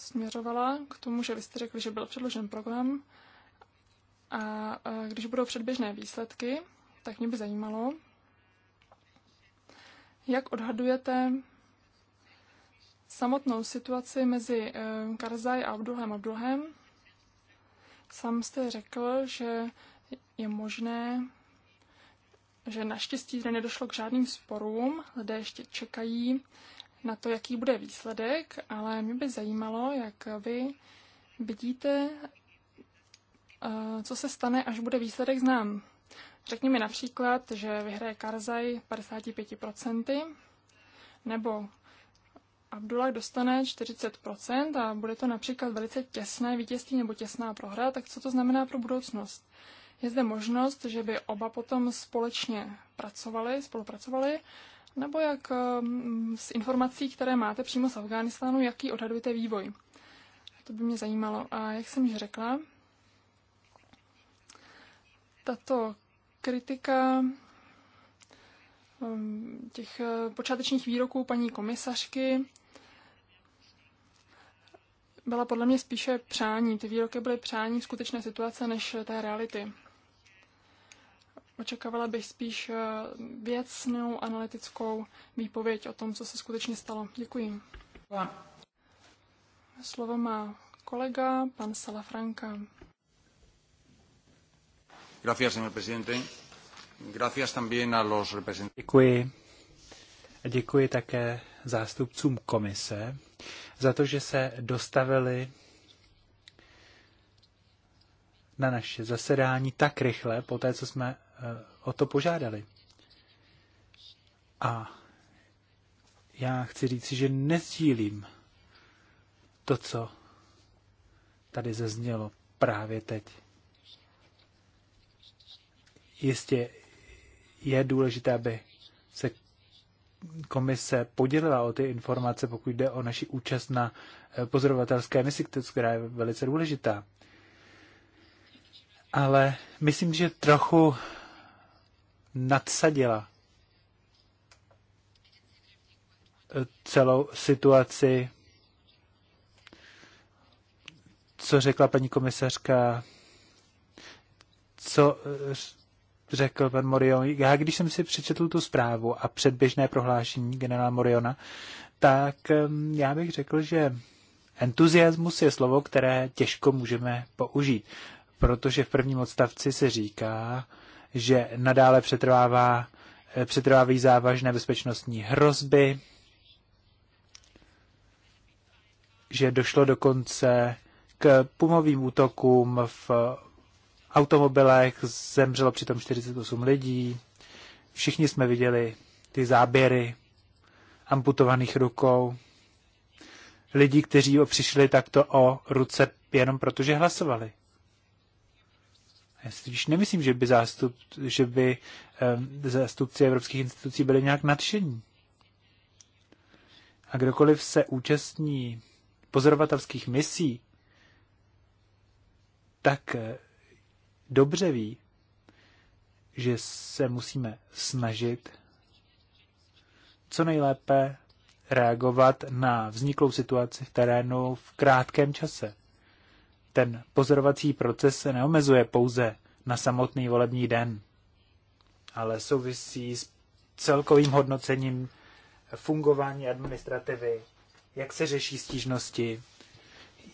S2: směřovala k tomu, že vy jste řekli, že byl předložen program a když budou předběžné výsledky, tak mě by zajímalo, jak odhadujete samotnou situaci mezi eh, Karzaj a Abdulhem Abdulhem. Sám jste řekl, že je možné, že naštěstí zde nedošlo k žádným sporům, lidé ještě čekají na to, jaký bude výsledek, ale mě by zajímalo, jak vy vidíte, eh, co se stane, až bude výsledek znám. Řekněme například, že vyhraje Karzaj 55%, nebo Abdullah dostane 40% a bude to například velice těsné vítězství nebo těsná prohra, tak co to znamená pro budoucnost? Je zde možnost, že by oba potom společně pracovali, spolupracovali nebo jak eh, z informací, které máte přímo z Afghánistánu, jaký odhadujete vývoj? To by mě zajímalo. A jak jsem již řekla, tato kritika ehm, těch eh, počátečních výroků paní komisařky byla podle mě spíše přání. Ty výroky byly přání skutečné situace než té reality. Očekávala bych spíš eh, věcnou analytickou výpověď o tom, co se skutečně stalo. Děkuji. Slovo má kolega, pan Salafranca.
S1: Gracias, señor presidente. Gracias también a los representantes.
S3: Děkuji. děkuji také zástupcům komise za to, že se dostavili na naše zasedání tak rychle, po té, co jsme Eh, o to požádali. A já chci říct, že nezdílím to, co tady zaznělo právě teď. Jistě je důležité, aby se komise podělila o ty informace, pokud jde o naši účast na eh, pozorovatelské misi, která je velice důležitá. Ale myslím, že trochu nadsadila celou situaci, co řekla paní komisařka, co řekl pan Morion. Já když jsem si přečetl tu zprávu a předběžné prohlášení generála Moriona, tak já bych řekl, že entuziasmus je slovo, které těžko můžeme použít, protože v prvním odstavci se říká, že nadále přetrvává, eh, přetrvávají závažné bezpečnostní hrozby, že došlo dokonce k pumovým útokům v automobilech, zemřelo přitom 48 lidí. Všichni jsme viděli ty záběry amputovaných rukou. Lidí, kteří přišli takto o ruce jenom protože hlasovali. Já si totiž nemyslím, že by, zástup, že by zástupci evropských institucí byli nějak nadšení. A kdokoliv se účastní pozorovatelských misí, tak eh, dobře ví, že se musíme snažit co nejlépe reagovat na vzniklou situaci v terénu v krátkém čase ten pozorovací proces se neomezuje pouze na samotný volební den, ale souvisí s celkovým hodnocením fungování administrativy, jak se řeší stížnosti,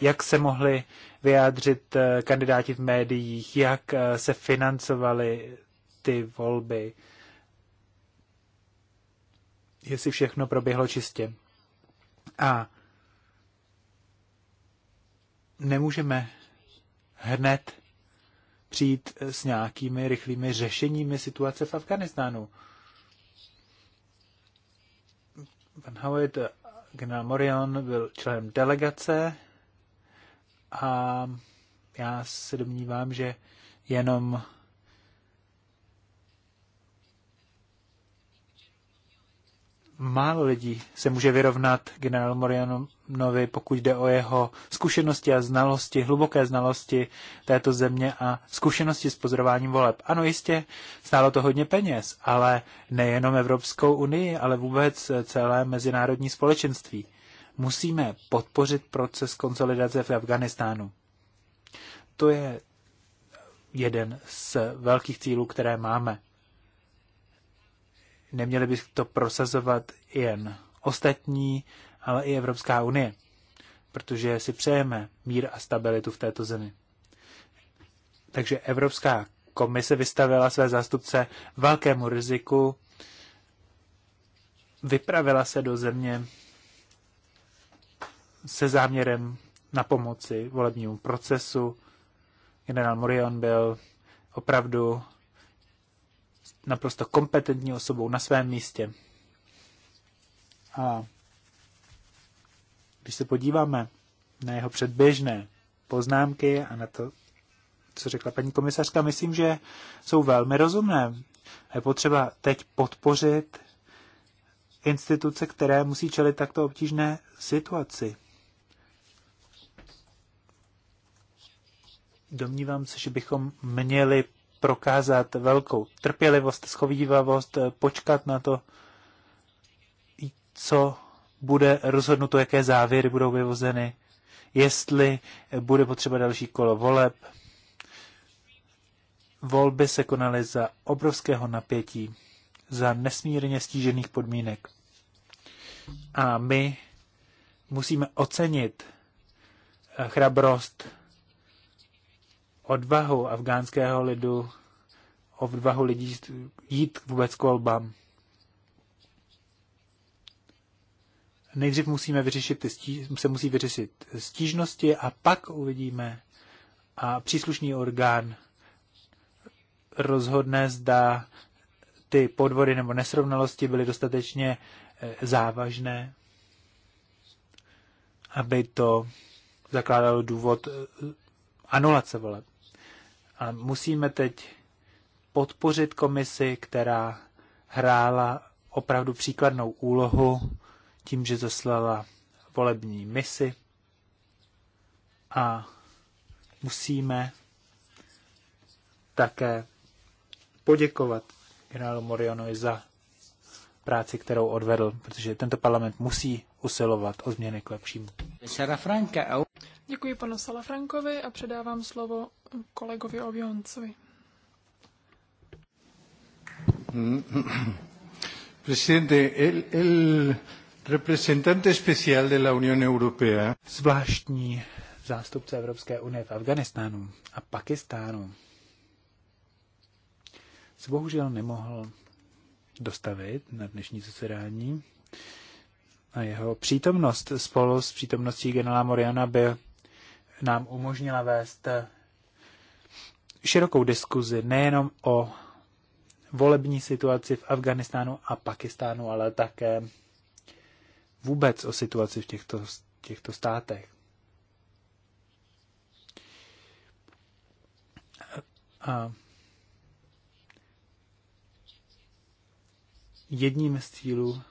S3: jak se mohli vyjádřit eh, kandidáti v médiích, jak eh, se financovaly ty volby, jestli všechno proběhlo čistě. A nemůžeme hned přijít s nějakými rychlými řešeními situace v Afganistánu. Pan Howard General Morion byl členem delegace a já se domnívám, že jenom málo lidí se může vyrovnat generálu Morionu, Novi, pokud jde o jeho zkušenosti a znalosti, hluboké znalosti této země a zkušenosti s pozorováním voleb. Ano, jistě, stálo to hodně peněz, ale nejenom Evropskou unii, ale vůbec celé mezinárodní společenství. Musíme podpořit proces konsolidace v Afganistánu. To je jeden z velkých cílů, které máme. Neměli bych to prosazovat jen ostatní, ale i Evropská unie, protože si přejeme mír a stabilitu v této zemi. Takže Evropská komise vystavila své zástupce velkému riziku, vypravila se do země se záměrem na pomoci volebnímu procesu. Generál Morion byl opravdu naprosto kompetentní osobou na svém místě. A když se podíváme na jeho předběžné poznámky a na to, co řekla paní komisařka, myslím, že jsou velmi rozumné. Je potřeba teď podpořit instituce, které musí čelit takto obtížné situaci. Domnívám se, že bychom měli prokázat velkou trpělivost, schovývavost, počkat na to, co bude rozhodnuto, jaké závěry budou vyvozeny, jestli bude potřeba další kolo voleb. Volby se konaly za obrovského napětí, za nesmírně stížených podmínek. A my musíme ocenit chrabrost, odvahu afgánského lidu, odvahu lidí jít vůbec k volbám nejdřív musíme vyřešit ty stíž, se musí vyřešit stížnosti a pak uvidíme a příslušný orgán rozhodne, zda ty podvody nebo nesrovnalosti byly dostatečně eh, závažné, aby to zakládalo důvod eh, anulace voleb. A musíme teď podpořit komisi, která hrála opravdu příkladnou úlohu tím, že zaslala volební misi a musíme také poděkovat generálu Morionovi za práci, kterou odvedl, protože tento parlament musí usilovat o změny k lepšímu.
S2: Děkuji panu Salafrankovi a předávám slovo kolegovi Ovioncovi.
S3: Mm-hmm. Presidente, el, el, reprezentante especial de la Unión Europea. Zvláštní zástupce Evropské unie v Afganistánu a Pakistánu se bohužel nemohl dostavit na dnešní zasedání. A jeho přítomnost spolu s přítomností generála Moriana by nám umožnila vést širokou diskuzi nejenom o volební situaci v Afganistánu a Pakistánu, ale také vůbec o situaci v těchto, těchto státech. A jedním z cílů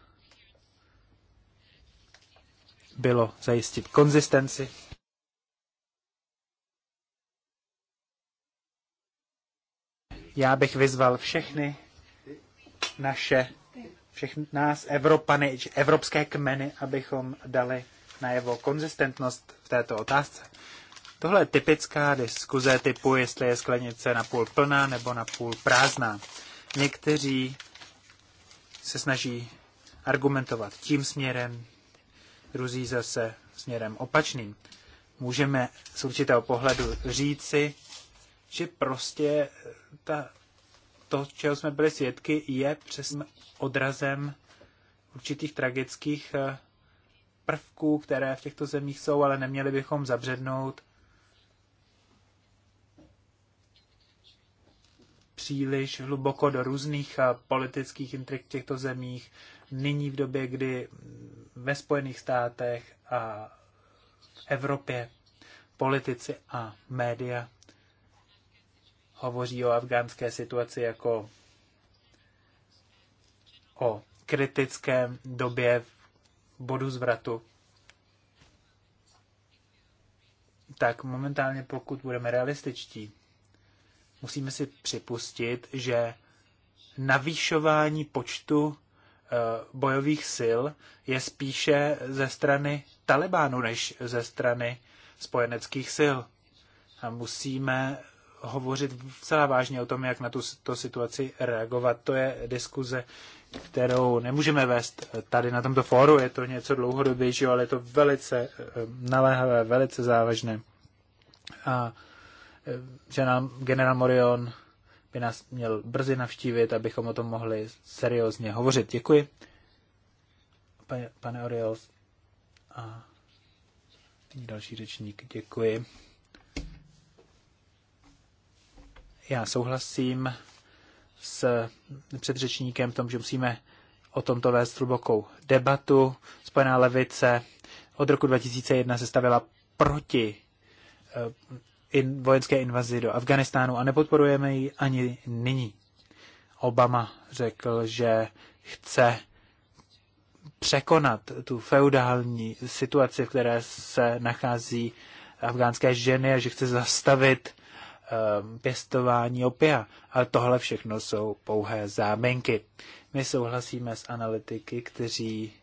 S3: bylo zajistit konzistenci já bych vyzval všechny naše všech nás Evropany, evropské kmeny, abychom dali najevo konzistentnost v této otázce. Tohle je typická diskuze typu, jestli je sklenice napůl plná nebo napůl prázdná. Někteří se snaží argumentovat tím směrem, druzí zase směrem opačným. Můžeme z určitého pohledu říci, že prostě ta to, čeho jsme byli svědky, je přesně odrazem určitých tragických eh, prvků, které v těchto zemích jsou, ale neměli bychom zabřednout příliš hluboko do různých eh, politických intrik v těchto zemích. Nyní v době, kdy ve Spojených státech a v Evropě politici a média hovoří o afgánské situaci jako o kritickém době bodu zvratu, tak momentálně, pokud budeme realističtí, musíme si připustit, že navýšování počtu eh, bojových sil je spíše ze strany Talibánu než ze strany spojeneckých sil. A musíme hovořit celá vážně o tom, jak na tu to situaci reagovat. To je diskuze, kterou nemůžeme vést tady na tomto fóru. Je to něco dlouhodobějšího, ale je to velice eh, naléhavé, velice závažné. A eh, že nám generál Morion by nás měl brzy navštívit, abychom o tom mohli seriózně hovořit. Děkuji, pane, pane Oriol. A další řečník, děkuji. Já souhlasím s předřečníkem v tom, že musíme o tomto vést hlubokou debatu. Spojená levice od roku 2001 se stavila proti eh, in, vojenské invazi do Afganistánu a nepodporujeme ji ani nyní. Obama řekl, že chce překonat tu feudální situaci, v které se nachází afgánské ženy a že chce zastavit Ehm, pěstování opia. Ale tohle všechno jsou pouhé zámenky. My souhlasíme s analytiky, kteří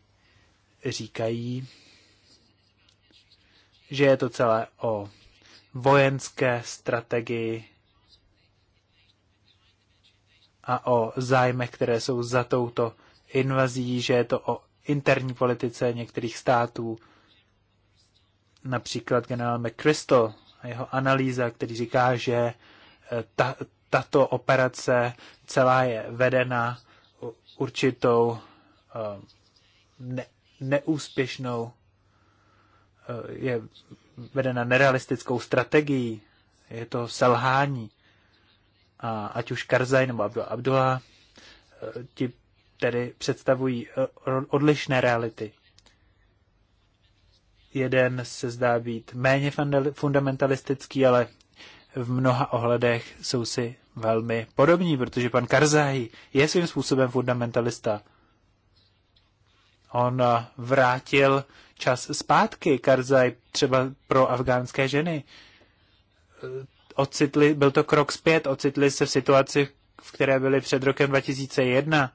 S3: říkají, že je to celé o vojenské strategii a o zájmech, které jsou za touto invazí, že je to o interní politice některých států. Například generál McChrystal a jeho analýza, který říká, že eh, ta, tato operace celá je vedena určitou eh, ne, neúspěšnou, eh, je vedena nerealistickou strategií, je to selhání. A ať už Karzaj nebo Abdullah, ti tedy představují odlišné reality. Jeden se zdá být méně fundamentalistický, ale v mnoha ohledech jsou si velmi podobní, protože pan Karzai je svým způsobem fundamentalista. On eh, vrátil čas zpátky, Karzai třeba pro afgánské ženy. Eh, ocitli, byl to krok zpět, ocitli se v situaci, v které byli před rokem 2001.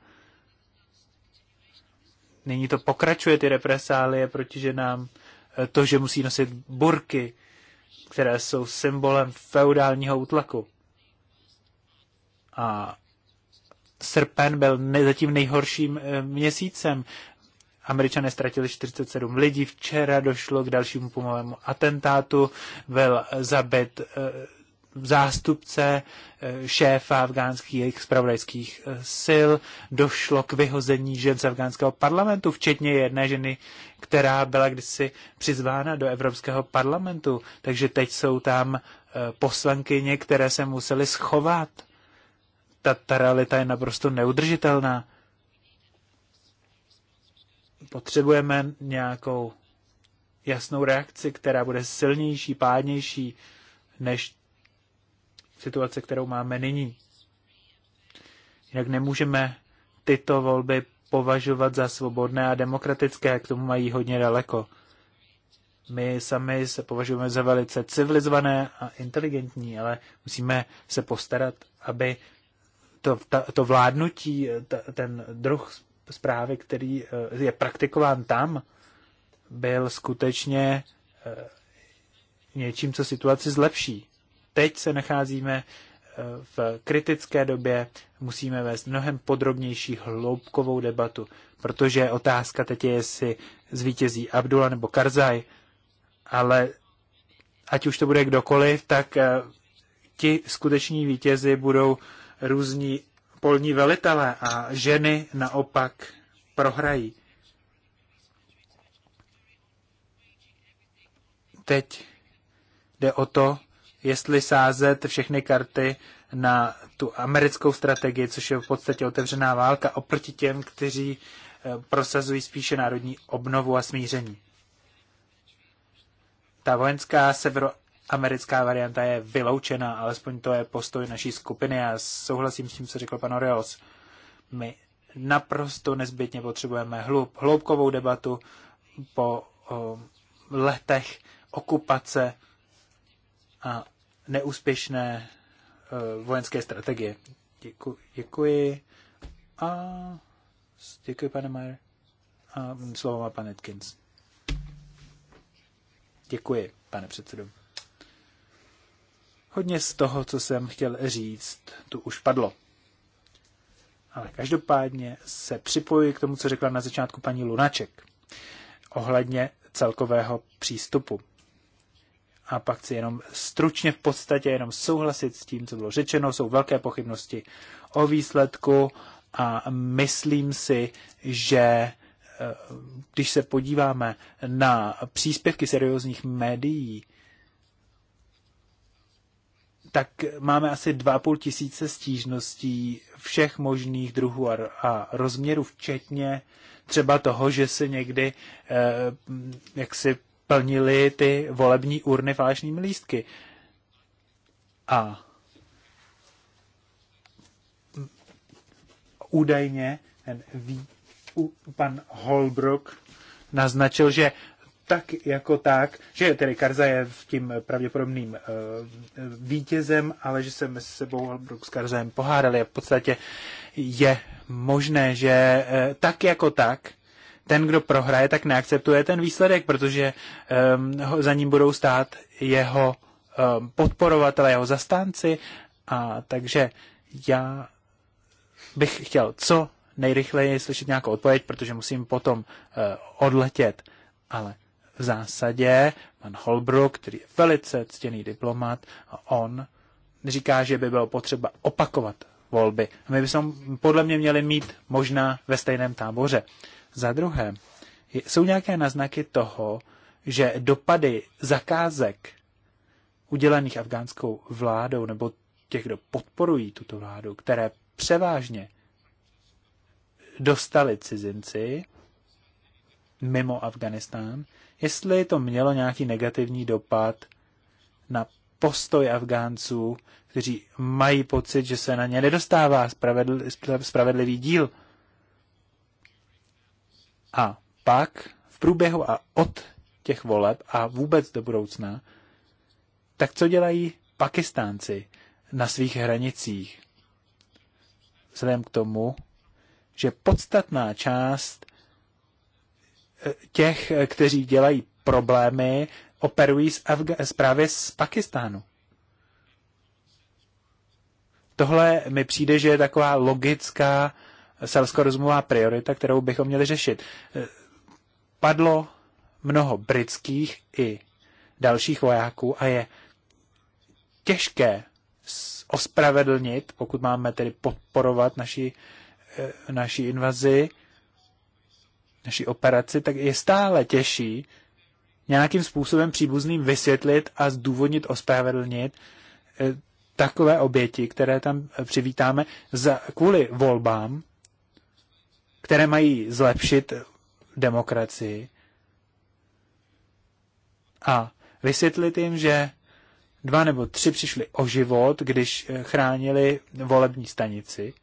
S3: Nyní to pokračuje, ty represálie proti ženám to, že musí nosit burky, které jsou symbolem feudálního útlaku. A srpen byl ne, zatím nejhorším eh, měsícem. Američané ztratili 47 lidí, včera došlo k dalšímu pomalému atentátu, byl zabit eh, zástupce eh, šéfa afgánských spravodajských eh, sil. Došlo k vyhození žen z afgánského parlamentu, včetně jedné ženy, která byla kdysi přizvána do Evropského parlamentu. Takže teď jsou tam eh, poslankyně, které se museli schovat. Ta, ta realita je naprosto neudržitelná. Potřebujeme nějakou jasnou reakci, která bude silnější, pádnější, než situace, kterou máme nyní. Jinak nemůžeme tyto volby považovat za svobodné a demokratické, k tomu mají hodně daleko. My sami se považujeme za velice civilizované a inteligentní, ale musíme se postarat, aby to, ta, to vládnutí, ta, ten druh zprávy, který eh, je praktikován tam, byl skutečně eh, něčím, co situaci zlepší. Teď se nacházíme eh, v kritické době, musíme vést mnohem podrobnější hloubkovou debatu, protože otázka teď je, jestli zvítězí Abdullah nebo Karzaj, ale ať už to bude kdokoliv, tak eh, ti skuteční vítězi budou různí polní velitelé a ženy naopak prohrají. Teď jde o to, jestli sázet všechny karty na tu americkou strategii, což je v podstatě otevřená válka oproti těm, kteří eh, prosazují spíše národní obnovu a smíření. Ta vojenská severoamerická varianta je vyloučena, alespoň to je postoj naší skupiny. a souhlasím s tím, co řekl pan Oreos. My naprosto nezbytně potřebujeme hloub, hloubkovou debatu po o, eh, letech okupace a neúspěšné eh, vojenské strategie. Děku, děkuji. A děkuji, pane Mayer. A slovo má pan Atkins. Děkuji, pane předsedo. Hodně z toho, co jsem chtěl říct, tu už padlo. Ale každopádně se připojuji k tomu, co řekla na začátku paní Lunaček ohledně celkového přístupu. A pak chci jenom stručně v podstatě jenom souhlasit s tím, co bylo řečeno. Jsou velké pochybnosti o výsledku a myslím si, že eh, když se podíváme na příspěvky seriózních médií, tak máme asi 2,5 tisíce stížností všech možných druhů a rozměrů, včetně třeba toho, že se někdy eh, jak si plnili ty volební urny falešnými lístky. A údajně ten ví, pan Holbrook naznačil, že tak jako tak, že tedy Karza je v tím pravděpodobným uh, vítězem, ale že se mezi sebou Holbrook s Karzajem pohádali a v podstatě je možné, že uh, tak jako tak ten, kdo prohraje, tak neakceptuje ten výsledek, protože um, za ním budou stát jeho um, ehm, podporovatele, jeho zastánci. A takže já bych chtěl co nejrychleji slyšet nějakou odpověď, protože musím potom uh, odletět. Ale v zásadě pan Holbrook, který je velice ctěný diplomat, a on říká, že by bylo potřeba opakovat volby. My bychom podle mě měli mít možná ve stejném táboře. Uh, za druhé, jsou nějaké naznaky toho, že dopady zakázek udělených afgánskou vládou nebo těch, kdo podporují tuto vládu, které převážně dostali cizinci mimo Afganistán, jestli to mělo nějaký negativní dopad na postoj Afgánců, kteří mají pocit, že se na ně nedostává spravedl- spravedlivý díl. A pak v průběhu a od těch voleb a vůbec do budoucna, tak co dělají Pakistánci na svých hranicích? Vzhledem k tomu, že podstatná část eh, těch, eh, kteří dělají problémy, operují z Afga- právě z Pakistánu. Tohle mi přijde, že je taková logická selskorozumová priorita, kterou bychom měli řešit. Eh, Padlo mnoho britských i dalších vojáků a je těžké ospravedlnit, pokud máme tedy podporovat naši, eh, naši invazi, naší operaci, tak je stále těžší nějakým způsobem příbuzným vysvětlit a zdůvodnit, ospravedlnit eh, takové oběti, které tam přivítáme za, kvůli volbám které mají zlepšit demokracii a vysvětlit jim, že dva nebo tři přišli o život, když eh, chránili volební stanici,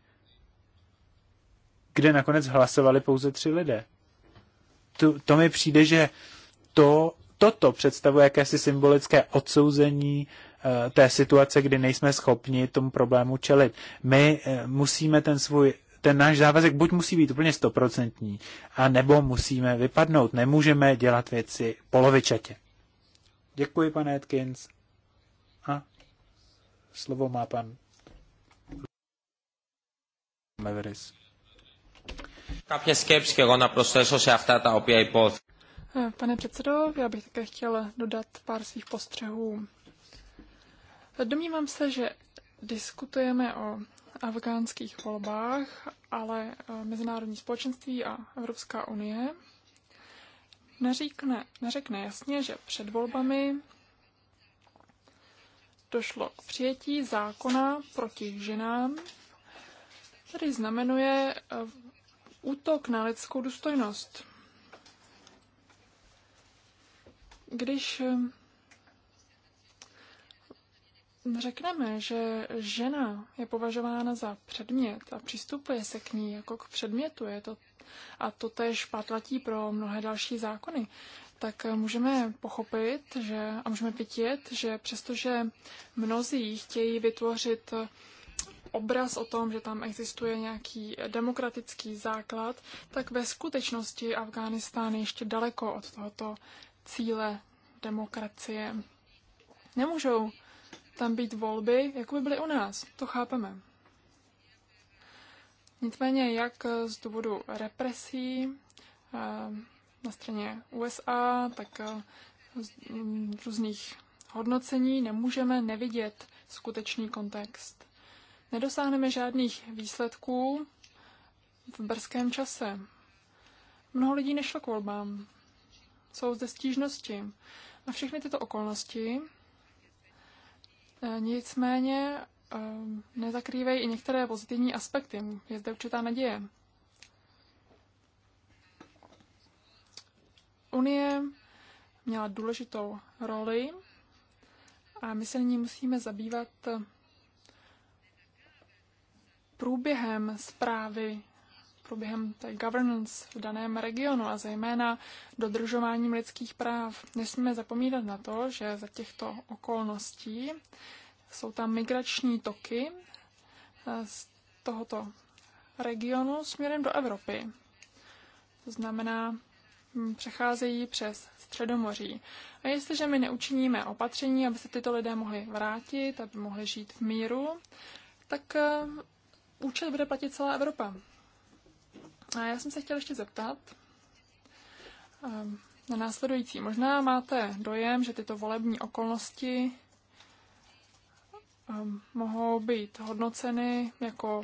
S3: kde nakonec hlasovali pouze tři lidé. To, to mi přijde, že to, toto představuje jakési symbolické odsouzení eh, té situace, kdy nejsme schopni tomu problému čelit. My eh, musíme ten svůj ten náš závazek buď musí být úplně stoprocentní, a nebo musíme vypadnout. Nemůžeme dělat věci polovičatě. Děkuji, pane Atkins. A slovo má pan Leveris.
S1: Kapně σκέψη na procesu se προσθέσω σε αυτά τα οποία
S2: Pane předsedo, já bych také chtěl dodat pár svých postřehů. Domnívám se, že diskutujeme o afgánských volbách, ale eh, mezinárodní společenství a Evropská unie neříkne, neřekne jasně, že před volbami došlo k přijetí zákona proti ženám, který znamenuje eh, útok na lidskou důstojnost. Když eh, řekneme, že žena je považována za předmět a přistupuje se k ní jako k předmětu, je to, a to tež platí pro mnohé další zákony, tak můžeme pochopit že, a můžeme vidět, že přestože mnozí chtějí vytvořit obraz o tom, že tam existuje nějaký demokratický základ, tak ve skutečnosti Afghánistán je ještě daleko od tohoto cíle demokracie. Nemůžou tam být volby, jako by byly u nás. To chápeme. Nicméně, jak z důvodu represí eh, na straně USA, tak eh, z mm, různých hodnocení nemůžeme nevidět skutečný kontext. Nedosáhneme žádných výsledků v brzkém čase. Mnoho lidí nešlo k volbám. Jsou zde stížnosti. A všechny tyto okolnosti E, nicméně e, nezakrývají i některé pozitivní aspekty. Je zde určitá naděje. Unie měla důležitou roli a my se nyní musíme zabývat průběhem zprávy průběhem té governance v daném regionu a zejména dodržováním lidských práv. Nesmíme zapomínat na to, že za těchto okolností jsou tam migrační toky eh, z tohoto regionu směrem do Evropy. To znamená, hm, přecházejí přes Středomoří. A jestliže my neučiníme opatření, aby se tyto lidé mohli vrátit, aby mohli žít v míru, tak eh, účet bude platit celá Evropa. A já jsem se chtěla ještě zeptat ehm, na následující. Možná máte dojem, že tyto volební okolnosti ehm, mohou být hodnoceny jako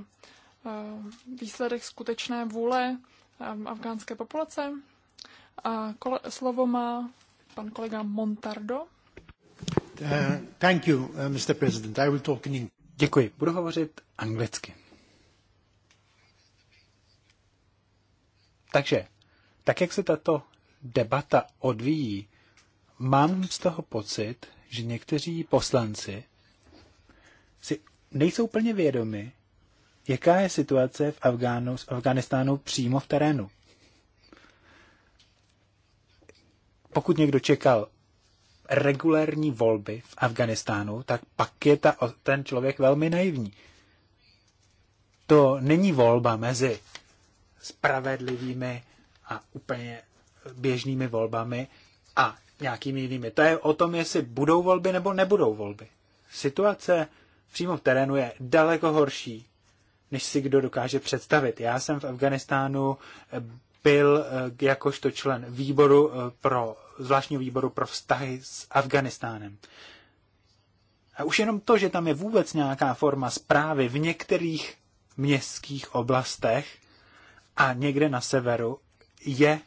S2: ehm, výsledek skutečné vůle afgánské populace. A kole, slovo má pan kolega Montardo.
S3: Uh, thank you, uh, eh, Mr. President. I will talk in English. Děkuji. Budu hovořit anglicky. Takže, tak jak se tato debata odvíjí, mám z toho pocit, že někteří poslanci si nejsou plně vědomi, jaká je situace v Afgánu, z Afganistánu přímo v terénu. Pokud někdo čekal regulérní volby v Afganistánu, tak pak je ta, ten člověk velmi naivní. To není volba mezi spravedlivými a úplně běžnými volbami a nějakými jinými. To je o tom, jestli budou volby nebo nebudou volby. Situace přímo v terénu je daleko horší, než si kdo dokáže představit. Já jsem v Afganistánu byl eh, jakožto člen výboru eh, pro, zvláštního výboru pro vztahy s Afganistánem. A už jenom to, že tam je vůbec nějaká forma zprávy v některých městských oblastech, a někde na severu je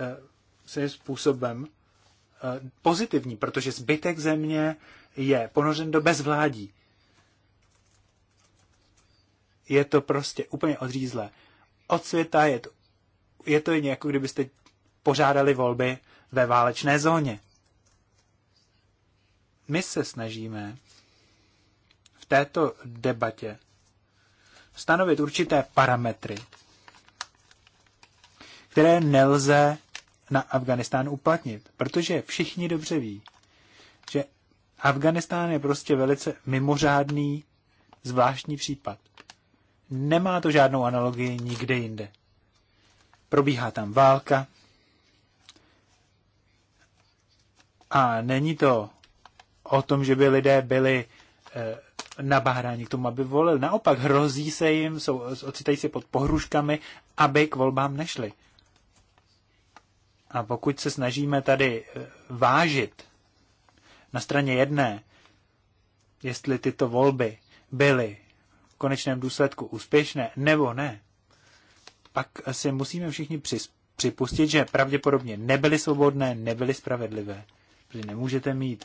S3: eh, svým způsobem eh, pozitivní, protože zbytek země je ponořen do bezvládí. Je to prostě úplně odřízlé. Od světa je to, je to jen jako kdybyste pořádali volby ve válečné zóně. My se snažíme v této debatě stanovit určité parametry, které nelze na Afganistán uplatnit, protože všichni dobře ví, že Afganistán je prostě velice mimořádný, zvláštní případ. Nemá to žádnou analogii nikde jinde. Probíhá tam válka a není to o tom, že by lidé byli e, eh, nabádáni k tomu, aby volili. Naopak hrozí se jim, jsou, ocitají se pod pohruškami, aby k volbám nešli. A pokud se snažíme tady eh, vážit na straně jedné, jestli tyto volby byly v konečném důsledku úspěšné nebo ne, pak si musíme všichni připustit, že pravděpodobně nebyly svobodné, nebyly spravedlivé. Protože nemůžete mít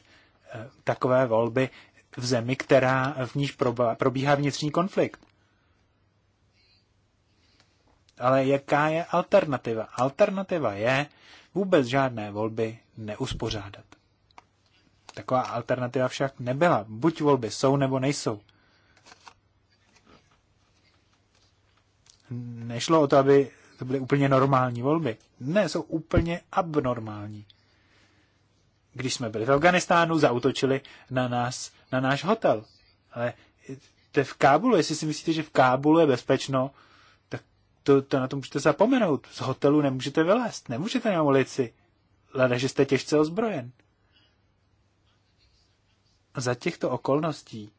S3: eh, takové volby v zemi, která v níž probíhá vnitřní konflikt. Ale jaká je alternativa? Alternativa je vůbec žádné volby neuspořádat. Taková alternativa však nebyla. Buď volby jsou nebo nejsou. Nešlo o to, aby to byly úplně normální volby. Ne, jsou úplně abnormální. Když jsme byli v Afganistánu, zautočili na nás, na náš hotel. Ale to je v Kábulu. Jestli si myslíte, že v Kábulu je bezpečno, to, to na to můžete zapomenout. Z hotelu nemůžete vylézt, nemůžete na ulici. Leda, že jste těžce ozbrojen. Za těchto okolností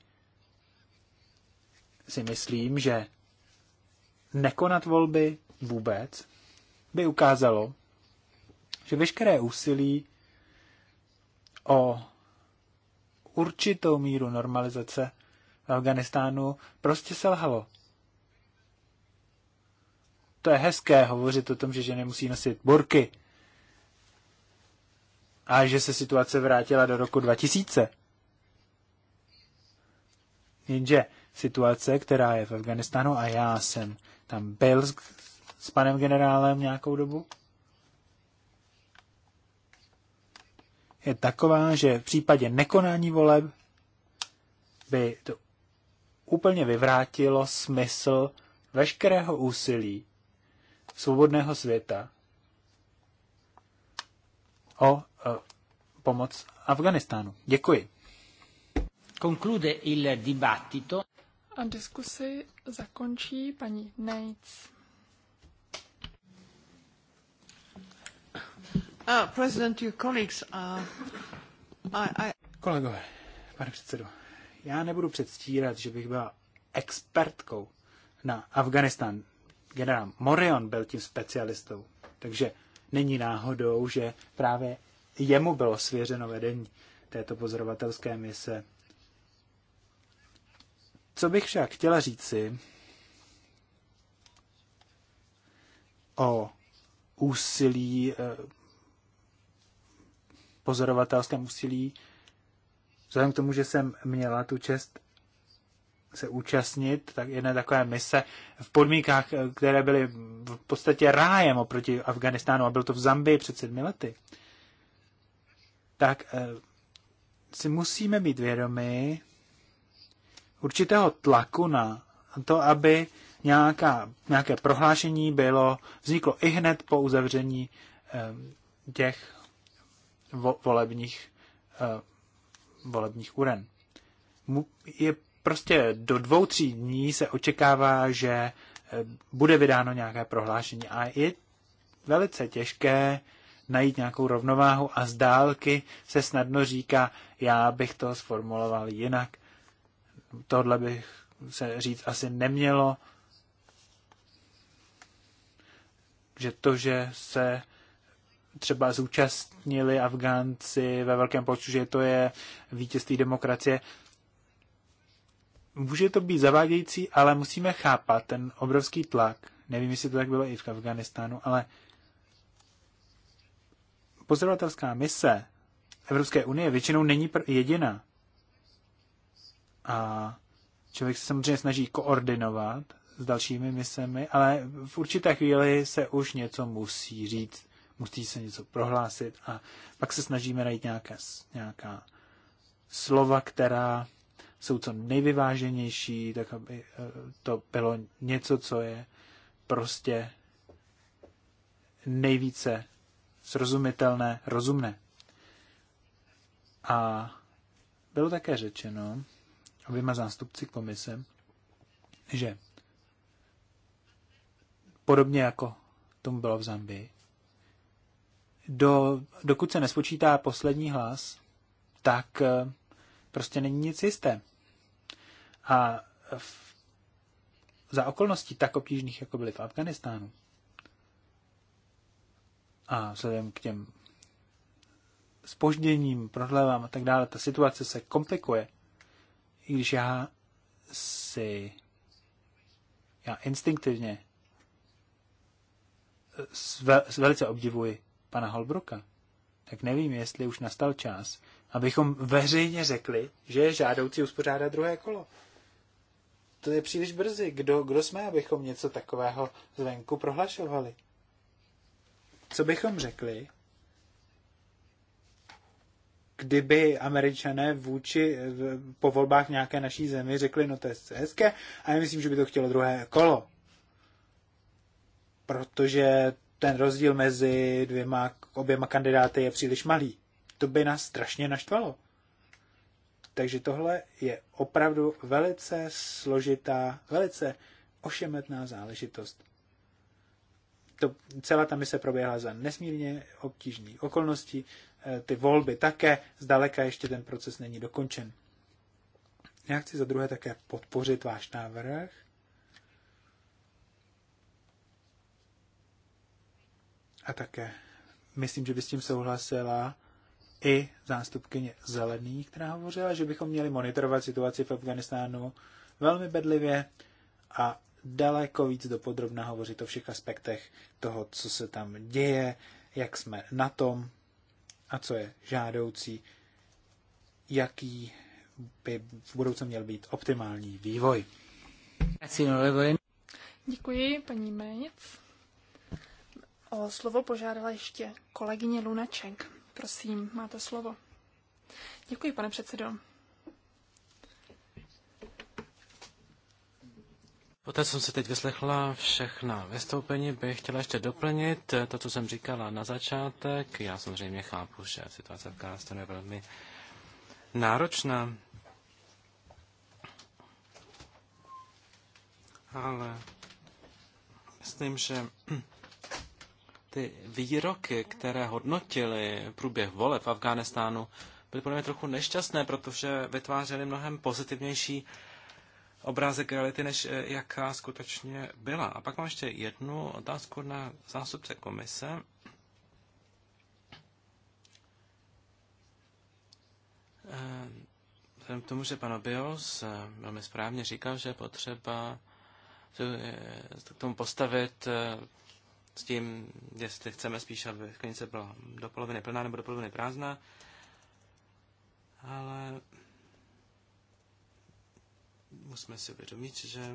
S3: si myslím, že nekonat volby vůbec by ukázalo, že veškeré úsilí o určitou míru normalizace v Afganistánu prostě selhalo to je hezké hovořit o tom, že ženy musí nosit burky. A že se situace vrátila do roku 2000. Jenže situace, která je v Afganistánu, a já jsem tam byl s, s panem generálem nějakou dobu, je taková, že v případě nekonání voleb by to úplně vyvrátilo smysl veškerého úsilí, svobodného světa o pomoc Afganistánu.
S1: Děkuji. Conclude il dibattito.
S2: A diskusi zakončí paní Nates. Uh, president, your colleagues, uh, I, I...
S3: Kolegové, pane předsedo, já nebudu předstírat, že bych byla expertkou na Afganistán generál Morion byl tím specialistou. Takže není náhodou, že právě jemu bylo svěřeno vedení této pozorovatelské mise. Co bych však chtěla říci o úsilí, eh, pozorovatelském úsilí, vzhledem k tomu, že jsem měla tu čest se účastnit tak jedné takové mise v podmínkách, eh, které byly v podstatě rájem oproti Afganistánu, a byl to v Zambii před sedmi lety, tak eh, si musíme být vědomi určitého tlaku na to, aby nějaká, nějaké prohlášení bylo, vzniklo i hned po uzavření eh, těch vo, volebních, volebních uren. Je Prostě do dvou, tří dní se očekává, že eh, bude vydáno nějaké prohlášení a je velice těžké najít nějakou rovnováhu a z dálky se snadno říká, já bych to sformuloval jinak. Tohle bych se říct asi nemělo, že to, že se třeba zúčastnili Afgánci ve velkém počtu, že to je vítězství demokracie, může to být zavádějící, ale musíme chápat ten obrovský tlak. Nevím, jestli to tak bylo i v Afganistánu, ale pozorovatelská mise Evropské unie většinou není jediná. A člověk se samozřejmě snaží koordinovat s dalšími misemi, ale v určité chvíli se už něco musí říct, musí se něco prohlásit a pak se snažíme najít nějaké, nějaká slova, která jsou co nejvyváženější, tak aby eh, to bylo něco, co je prostě nejvíce srozumitelné, rozumné. A bylo také řečeno oběma zástupci komise, že podobně jako tomu bylo v Zambii, do, dokud se nespočítá poslední hlas, tak eh, prostě není nic jisté. A v, za okolností tak obtížných, jako byly v Afganistánu, a vzhledem k těm spožděním, prodlevám a tak dále, ta situace se komplikuje. I když já si, já instinktivně svel, velice obdivuji pana Holbroka, tak nevím, jestli už nastal čas, abychom veřejně řekli, že je žádoucí uspořádat druhé kolo to je příliš brzy. Kdo, kdo jsme, abychom něco takového zvenku prohlašovali? Co bychom řekli, kdyby američané vůči, v, po volbách nějaké naší zemi řekli, no to je hezké, a já myslím, že by to chtělo druhé kolo. Protože ten rozdíl mezi dvěma, oběma kandidáty je příliš malý. To by nás strašně naštvalo. Takže tohle je opravdu velice složitá, velice ošemetná záležitost. To, celá ta mise proběhla za nesmírně obtížných okolností, e, ty volby také, zdaleka ještě ten proces není dokončen. Já chci za druhé také podpořit váš návrh. A také myslím, že by s tím souhlasila i zástupkyně zelených, která hovořila, že bychom měli monitorovat situaci v Afganistánu velmi bedlivě a daleko víc dopodrobna hovořit o všech aspektech toho, co se tam děje, jak jsme na tom a co je žádoucí, jaký by v budoucnu měl být optimální vývoj.
S2: Děkuji, paní Méněc. O slovo požádala ještě kolegyně Lunaček. Prosím, máte slovo. Děkuji, pane předsedo.
S4: Poté jsem se teď vyslechla všechna vystoupení, bych chtěla ještě doplnit to, co jsem říkala na začátek. Já samozřejmě chápu, že situace v Kazachstanu je velmi náročná, ale myslím, že ty výroky, které hodnotily průběh voleb v Afghánistánu, byly podle mě trochu nešťastné, protože vytvářely mnohem pozitivnější obrázek reality, než eh, jaká skutečně byla. A pak mám ještě jednu otázku na zástupce komise. Eh, vzhledem k tomu, že pan Obios eh, velmi správně říkal, že je potřeba k tomu postavit s tím, jestli chceme spíš, aby sklenice byla do poloviny plná nebo do poloviny prázdná. Ale musíme si uvědomit, že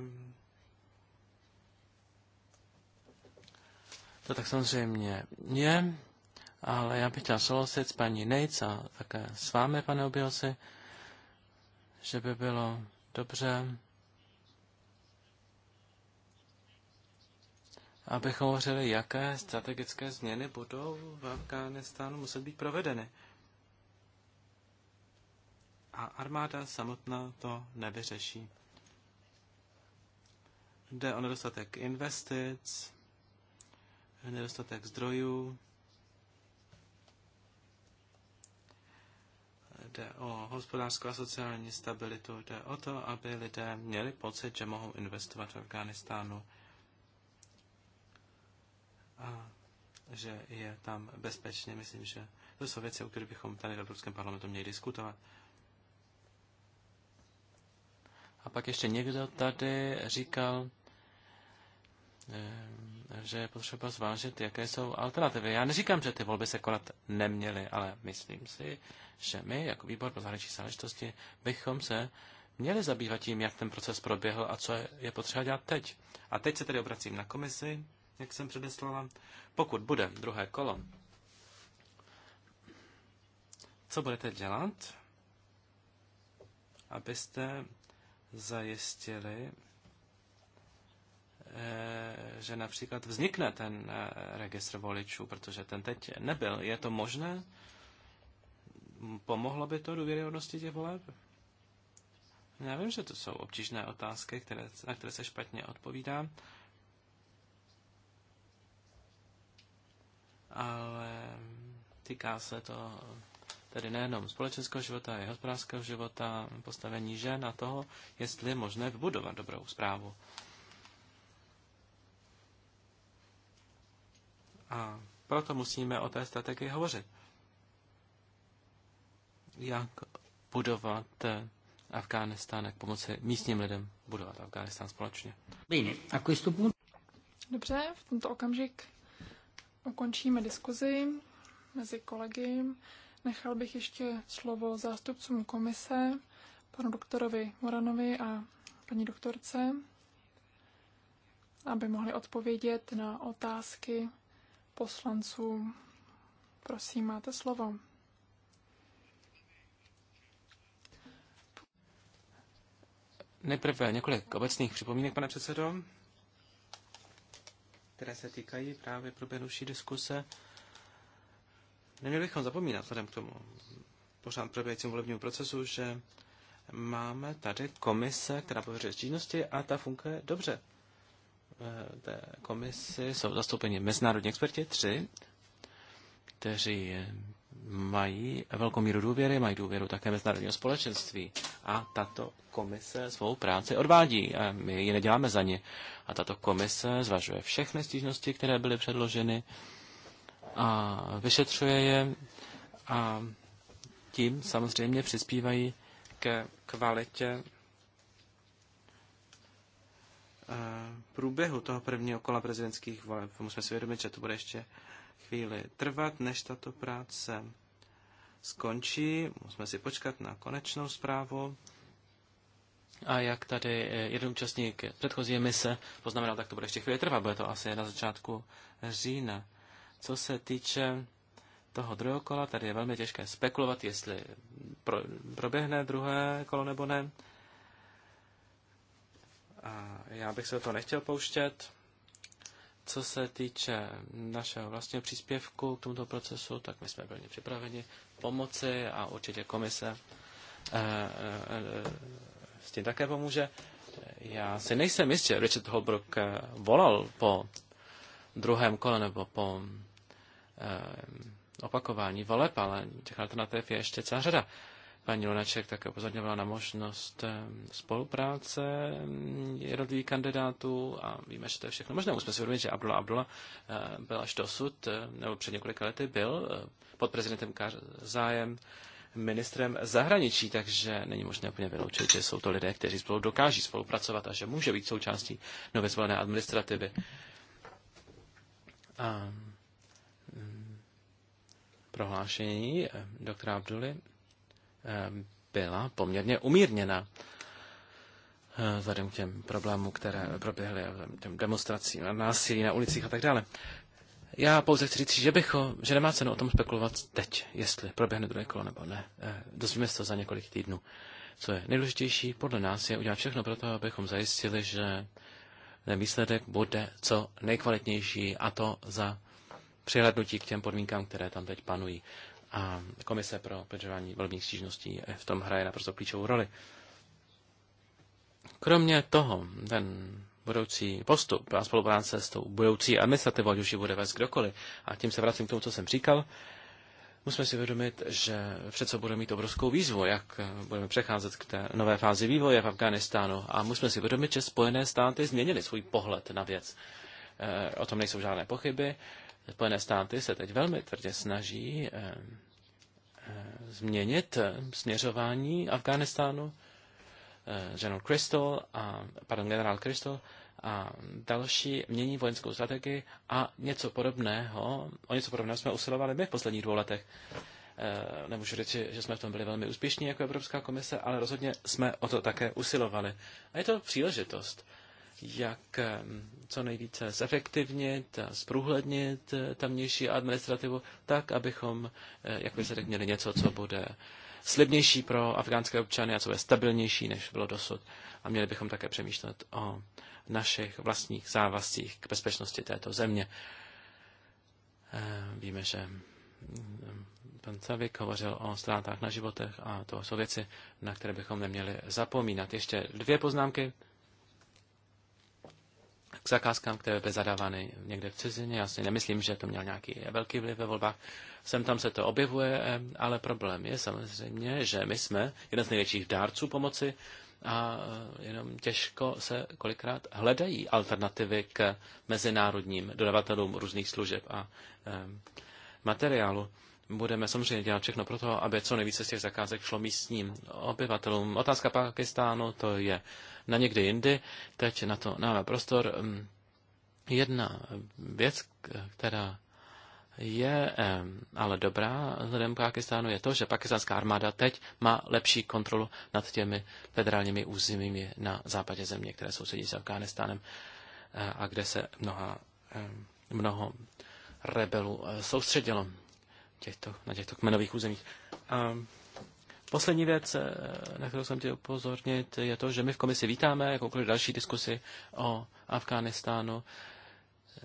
S4: to tak samozřejmě je, ale já bych chtěl souhlasit s paní Nejc a také s vámi, pane Obiosi, že by bylo dobře abychom hovořili, jaké strategické změny budou v Afghánistánu muset být provedeny. A armáda samotná to nevyřeší. Jde o nedostatek investic, nedostatek zdrojů, jde o hospodářskou a sociální stabilitu, jde o to, aby lidé měli pocit, že mohou investovat v Afganistánu a že je tam bezpečně. Myslím, že to jsou věci, o kterých bychom tady v Evropském parlamentu měli diskutovat. A pak ještě někdo tady říkal, eh, že je potřeba zvážit, jaké jsou alternativy. Já neříkám, že ty volby se konat neměly, ale myslím si, že my, jako výbor pro zahraniční záležitosti, bychom se měli zabývat tím, jak ten proces proběhl a co je potřeba dělat teď. A teď se tedy obracím na komisi jak jsem předeslala. Pokud bude druhé kolo, co budete dělat, abyste zajistili, eh, že například vznikne ten eh, registr voličů, protože ten teď nebyl. Je to možné? Pomohlo by to důvěryhodnosti těch voleb? Já vím, že to jsou obtížné otázky, které, na které se špatně odpovídá, ale týká se to tedy nejenom společenského života, ale i hospodářského života, postavení žen a toho, jestli je možné vybudovat dobrou zprávu. A proto musíme o té strategii hovořit. Jak budovat Afghánistán, jak pomoci místním lidem budovat Afghánistán společně.
S2: Dobře, v tento okamžik ukončíme diskuzi mezi kolegy. Nechal bych ještě slovo zástupcům komise, panu doktorovi Moranovi a paní doktorce, aby mohli odpovědět na otázky poslanců. Prosím, máte slovo.
S4: Nejprve několik obecných připomínek, pane předsedo které se týkají právě proběhnuší diskuse. Neměli bychom zapomínat vzhledem k tomu pořád probíhajícímu volebnímu procesu, že máme tady komise, která pověřuje činnosti a ta funguje dobře. V eh, té komisi jsou zastoupeni mezinárodní experti, tři, kteří mají velkou míru důvěry, mají důvěru také mezinárodního společenství. A tato komise svou práci odvádí. A my ji neděláme za ně. A tato komise zvažuje všechny stížnosti, které byly předloženy a vyšetřuje je a tím samozřejmě přispívají ke kvalitě eh, průběhu toho prvního kola prezidentských voleb. Musíme si vědomit, že to bude ještě chvíli trvat, než tato práce skončí. Musíme si počkat na konečnou zprávu. A jak tady eh, jeden účastník předchozí mise poznamenal, tak to bude ještě chvíli trvat, bude to asi na začátku října. Co se týče toho druhého kola, tady je velmi těžké spekulovat, jestli pro, proběhne druhé kolo nebo ne. A já bych se to nechtěl pouštět. Co se týče našeho vlastního příspěvku k tomuto procesu, tak my jsme byli připraveni pomoci a určitě komise eh, eh, s tím také pomůže. Já si nejsem jistě, Richard Holbrook eh, volal po druhém kole nebo po opakování voleb, ale těch alternativ je ještě celá řada. Paní Lunaček také upozorňovala na možnost spolupráce jednotlivých kandidátů a víme, že to je všechno. Možná musíme si uvědomit, že Abdullah Abdullah eh, byl až dosud, eh, nebo před několika lety byl eh, pod prezidentem Zájem ministrem zahraničí, takže není možné úplně vyloučit, že jsou to lidé, kteří spolu dokáží spolupracovat a že může být součástí nově zvolené administrativy. A mm, prohlášení doktora Abduly Ehm, byla poměrně umírněna eh, vzhledem k těm problémům, které proběhly, těm demonstracím, násilí na ulicích a tak dále. Já pouze chci říct, že, bychom, že nemá cenu o tom spekulovat teď, jestli proběhne druhé kolo nebo ne. Eh, dozvíme se to za několik týdnů. Co je nejdůležitější podle nás je udělat všechno pro to, abychom zajistili, že ten výsledek bude co nejkvalitnější a to za přihlednutí k těm podmínkám, které tam teď panují. A Komise pro pečování volebních stížností v tom hraje naprosto klíčovou roli. Kromě toho, ten budoucí postup a spolupráce s tou budoucí administrativou, ať už ji bude vést kdokoliv, a tím se vracím k tomu, co jsem říkal, musíme si uvědomit, že přece bude mít obrovskou výzvu, jak budeme přecházet k té nové fázi vývoje v Afghánistánu. A musíme si uvědomit, že Spojené státy změnily svůj pohled na věc. Eh, o tom nejsou žádné pochyby. Spojené státy se teď velmi tvrdě snaží eh, eh, změnit eh, směřování Afghánistánu. General Crystal a, pardon, generál Crystal a další mění vojenskou strategii a něco podobného, o něco podobného jsme usilovali my v posledních dvou letech. Nemůžu říct, že jsme v tom byli velmi úspěšní jako Evropská komise, ale rozhodně jsme o to také usilovali. A je to příležitost jak eh, co nejvíce zefektivnit a zprůhlednit eh, tamnější administrativu, tak, abychom, eh, jak výsledek, měli něco, co bude slibnější pro afgánské občany a co bude stabilnější, než bylo dosud. A měli bychom také přemýšlet o našich vlastních závazcích k bezpečnosti této země. Víme, že mm, pan Cavik hovořil o ztrátách na životech a to jsou věci, na které bychom neměli zapomínat. Ještě dvě poznámky k zakázkám, které byly zadávány někde v cizině. Já si nemyslím, že to měl nějaký velký vliv ve volbách. Sem tam se to objevuje, eh, ale problém je samozřejmě, že my jsme jeden z největších dárců pomoci a eh, jenom těžko se kolikrát hledají alternativy k mezinárodním dodavatelům různých služeb a eh, materiálu budeme samozřejmě dělat všechno pro to, aby co nejvíce z těch zakázek šlo místním obyvatelům. Otázka Pakistánu, to je na někdy jindy. Teď na to máme prostor. Hm, jedna věc, která je hm, ale dobrá vzhledem k Pakistánu, je to, že pakistánská armáda teď má lepší kontrolu nad těmi federálními územími na západě země, které sousedí s Afghánistánem eh, a kde se mnoha, hm, mnoho rebelů eh, soustředilo těchto, na těchto kmenových územích. A Poslední věc, eh, na kterou jsem chtěl upozornit, je to, že my v komisi vítáme jakoukoliv další diskusi o Afghánistánu.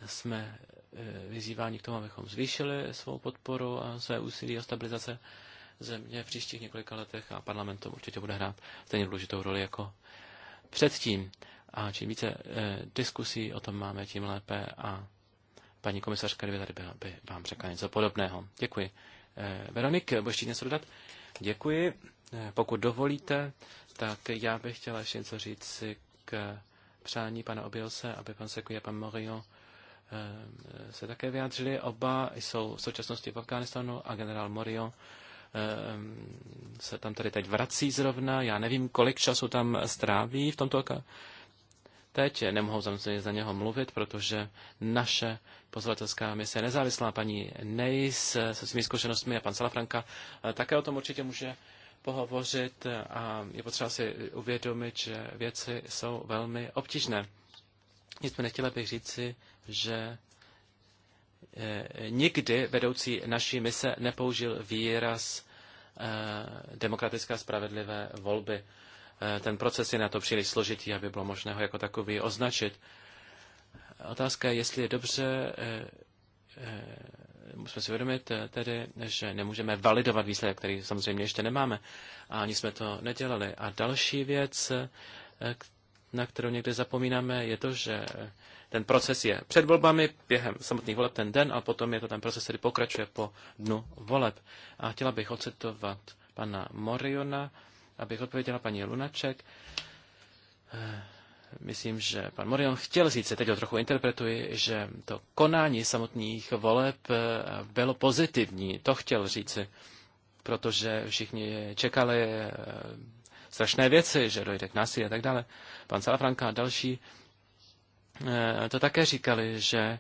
S4: Jsme eh, vyzýváni k tomu, abychom zvýšili svou podporu a své úsilí o stabilizace země v příštích několika letech a parlament to určitě bude hrát stejně důležitou roli jako předtím. A čím více eh, diskusí o tom máme, tím lépe a paní komisařka kdyby tady byla, by vám řekla něco podobného. Děkuji. Eh, Veronik, budeš něco dodat? Eh, Děkuji. Eh, pokud dovolíte, tak já bych chtěla ještě něco říct si k přání pana Obilse, aby pan Sekuji a pan Morio eh, se také vyjádřili. Oba jsou v současnosti v Afganistanu a generál Morio eh, se tam tady teď vrací zrovna. Já nevím, kolik času tam stráví v tomto teď nemohou samozřejmě za něho mluvit, protože naše pozvatelská mise nezávislá. Paní Nejs se svými zkušenostmi a pan Salafranka eh, také o tom určitě může pohovořit a je potřeba si uvědomit, že věci jsou velmi obtížné. Nicméně chtěla bych říci, že eh, nikdy vedoucí naší mise nepoužil výraz eh, demokratické a spravedlivé volby. Eh, ten proces je na to příliš složitý, aby bylo možné ho jako takový označit. Otázka je, jestli je dobře, musíme eh, eh, si uvědomit tedy, že nemůžeme validovat výsledek, který samozřejmě ještě nemáme. A ani jsme to nedělali. A další věc, na kterou někdy zapomínáme, je to, že ten proces je před volbami, během samotných voleb ten den, a potom je to ten proces, který pokračuje po dnu voleb. A chtěla bych ocitovat pana Moriona, abych odpověděla paní Lunaček. Eh, myslím, že pan Morion chtěl říct, teď ho trochu interpretuji, že to konání samotných voleb eh, bylo pozitivní, to chtěl říci, protože všichni čekali eh, strašné věci, že dojde k násilí a tak dále. Pan Salafranka a další to také říkali, že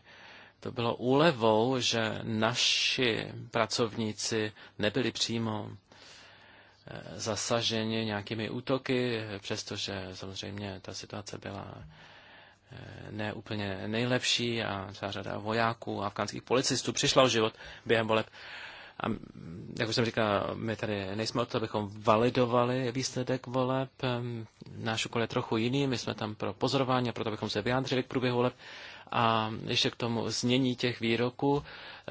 S4: to bylo úlevou, že naši pracovníci nebyli přímo zasaženi nějakými útoky, přestože samozřejmě ta situace byla eh, neúplně nejlepší a celá řada vojáků a afgánských policistů přišla o život během voleb. A jak už jsem říkal, my tady nejsme o to, abychom validovali výsledek voleb. Ehm, náš úkol je trochu jiný, my jsme tam pro pozorování a proto, abychom se vyjádřili k průběhu voleb. A ještě k tomu znění těch výroků,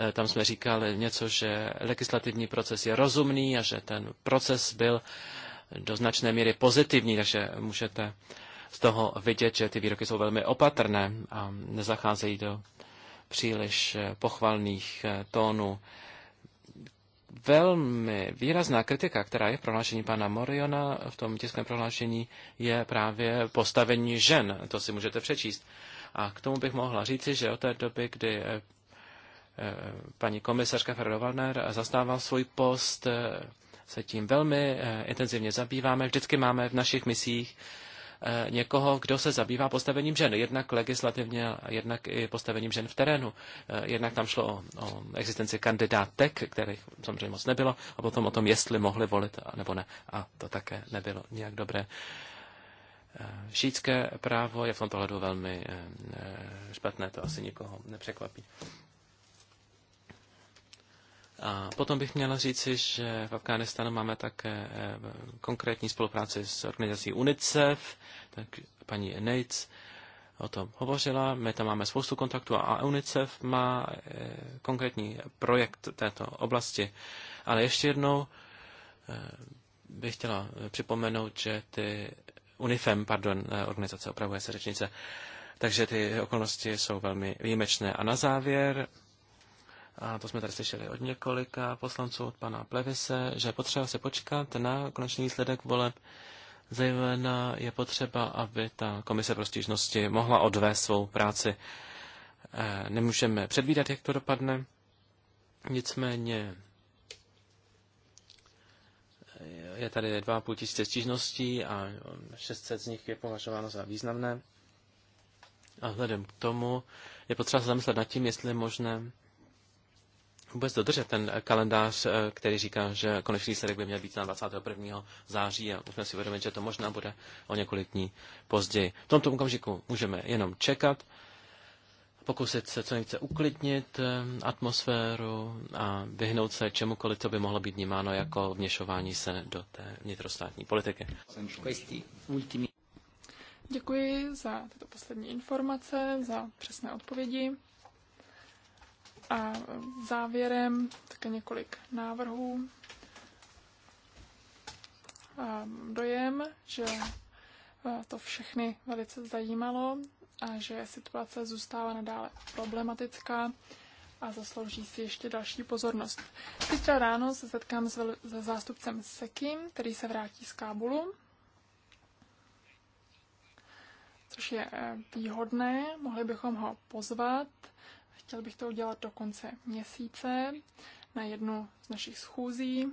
S4: eh, tam jsme říkali něco, že legislativní proces je rozumný a že ten proces byl do značné míry pozitivní, takže můžete z toho vidět, že ty výroky jsou velmi opatrné a nezacházejí do příliš eh, pochvalných eh, tónů. Velmi výrazná kritika, která je v prohlášení pana Moriona, v tom tiském prohlášení, je právě postavení žen. To si můžete přečíst. A k tomu bych mohla říci, že od té doby, kdy eh, eh, paní komisařka Ferdovalner zastával svůj post, eh, se tím velmi intenzivně zabýváme. Vždycky máme v našich misích někoho, kdo se zabývá postavením žen, jednak legislativně, jednak i postavením žen v terénu. Jednak tam šlo o, o existenci kandidátek, kterých samozřejmě moc nebylo, a potom o tom, jestli mohli volit nebo ne. A to také nebylo nějak dobré. Šítské právo je v tom pohledu velmi eh, eh, špatné, to asi nikoho nepřekvapí. A potom bych měla říci, že v Afganistánu máme také eh, konkrétní spolupráci s organizací UNICEF, tak paní Nates o tom hovořila. My tam máme spoustu kontaktů a UNICEF má konkrétní projekt této oblasti. Ale ještě jednou bych chtěla připomenout, že ty UNIFEM, pardon, eh, organizace opravuje se řečnice. Takže ty okolnosti jsou velmi výjimečné. A na závěr, a to jsme tady slyšeli od několika poslanců, od pana Plevise, že je potřeba se počkat na konečný výsledek voleb. Zejména je potřeba, aby ta komise pro stížnosti mohla odvést svou práci. Eh, nemůžeme předvídat, jak to dopadne. Nicméně je tady 2,5 tisíce stížností a 600 z nich je považováno za významné. A vzhledem k tomu je potřeba se zamyslet nad tím, jestli je možné vůbec dodržet ten kalendář, eh, který říká, že konečný výsledek by měl být na 21. září a musíme si uvědomit, že to možná bude o několik dní později. V tomto okamžiku můžeme jenom čekat pokusit se co nejvíce uklidnit eh, atmosféru a vyhnout se čemukoliv, co by mohlo být vnímáno jako vněšování se do té vnitrostátní politiky.
S2: Děkuji za tyto poslední informace, za přesné odpovědi. A závěrem také několik návrhů. A dojem, že eh, to všechny velice zajímalo že situace zůstává nadále problematická a zaslouží si ještě další pozornost. Zítra ráno se setkám se zástupcem Sekim, který se vrátí z Kábulu, což je eh, výhodné, mohli bychom ho pozvat. Chtěl bych to udělat do konce měsíce na jednu z našich schůzí,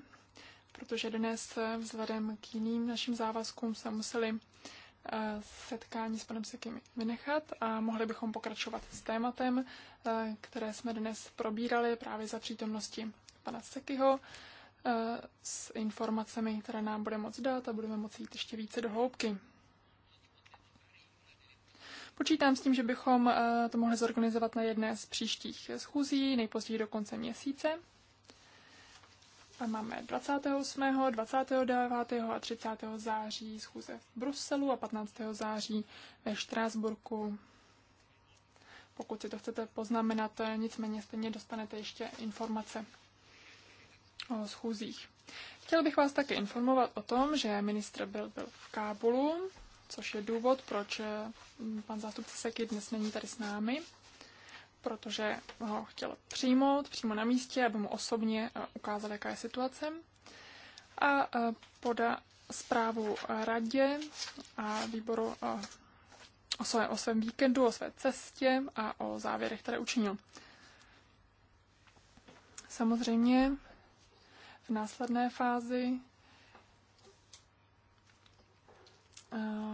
S2: protože dnes eh, vzhledem k jiným našim závazkům se museli Eh, setkání s panem Sekým vynechat a mohli bychom pokračovat s tématem, eh, které jsme dnes probírali právě za přítomnosti pana Sekyho eh, s informacemi, které nám bude moc dát a budeme moci jít ještě více do hloubky. Počítám s tím, že bychom to mohli zorganizovat na jedné z příštích schůzí, nejpozději do konce měsíce. Máme 28., 29. a 30. září schůze v Bruselu a 15. září ve Štrásburku. Pokud si to chcete poznamenat, nicméně stejně dostanete ještě informace o schůzích. Chtěl bych vás také informovat o tom, že ministr byl, byl v Kábulu, což je důvod, proč mm, pan zástupce Seky dnes není tady s námi protože ho chtěl přijmout přímo na místě, aby mu osobně eh, ukázal, jaká je situace. A eh, poda zprávu radě a výboru eh, o, své, o svém víkendu, o své cestě a o závěrech, které učinil. Samozřejmě v následné fázi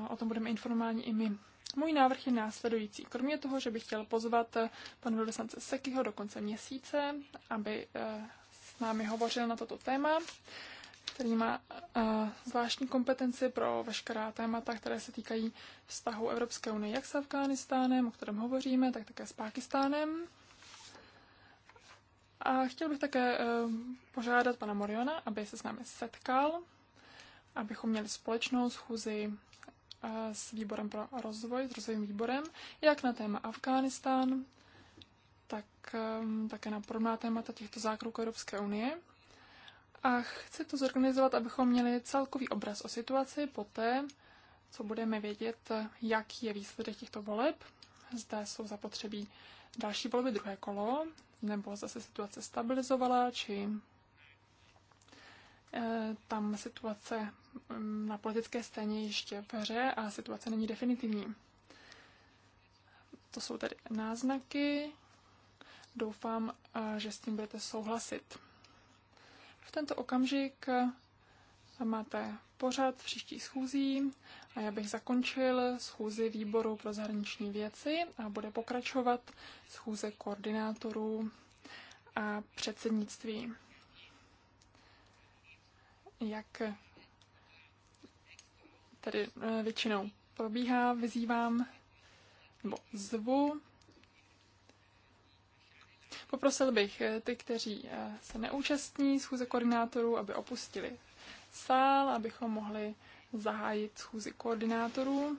S2: o tom budeme informováni i my. Můj návrh je následující. Kromě toho, že bych chtěl pozvat eh, panu velvyslance Sekyho do konce měsíce, aby eh, s námi hovořil na toto téma, který má eh, zvláštní kompetenci pro veškerá témata, které se týkají vztahu Evropské unie jak s Afghánistánem, o kterém hovoříme, tak také s Pákistánem. A chtěl bych také požádat pana Moriona, aby se s námi setkal, abychom měli společnou schůzi s výborem pro rozvoj, s rozvojovým výborem, jak na téma Afghánistán, tak um, také na podobná témata těchto zákroků Evropské unie. A chci to zorganizovat, abychom měli celkový obraz o situaci poté, co budeme vědět, jaký je výsledek těchto voleb. Zde jsou zapotřebí další volby druhé kolo, nebo zase situace stabilizovala, či Eh, tam situace mm, na politické scéně ještě v hře a situace není definitivní. To jsou tedy náznaky. Doufám, eh, že s tím budete souhlasit. V tento okamžik eh, máte pořad příští schůzí a já bych zakončil schůzi výboru pro zahraniční věci a bude pokračovat schůze koordinátorů a předsednictví jak tady eh, většinou probíhá, vyzývám nebo zvu. Poprosil bych eh, ty, kteří eh, se neúčastní schůze koordinátorů, aby opustili sál, abychom mohli zahájit schůzi koordinátorů.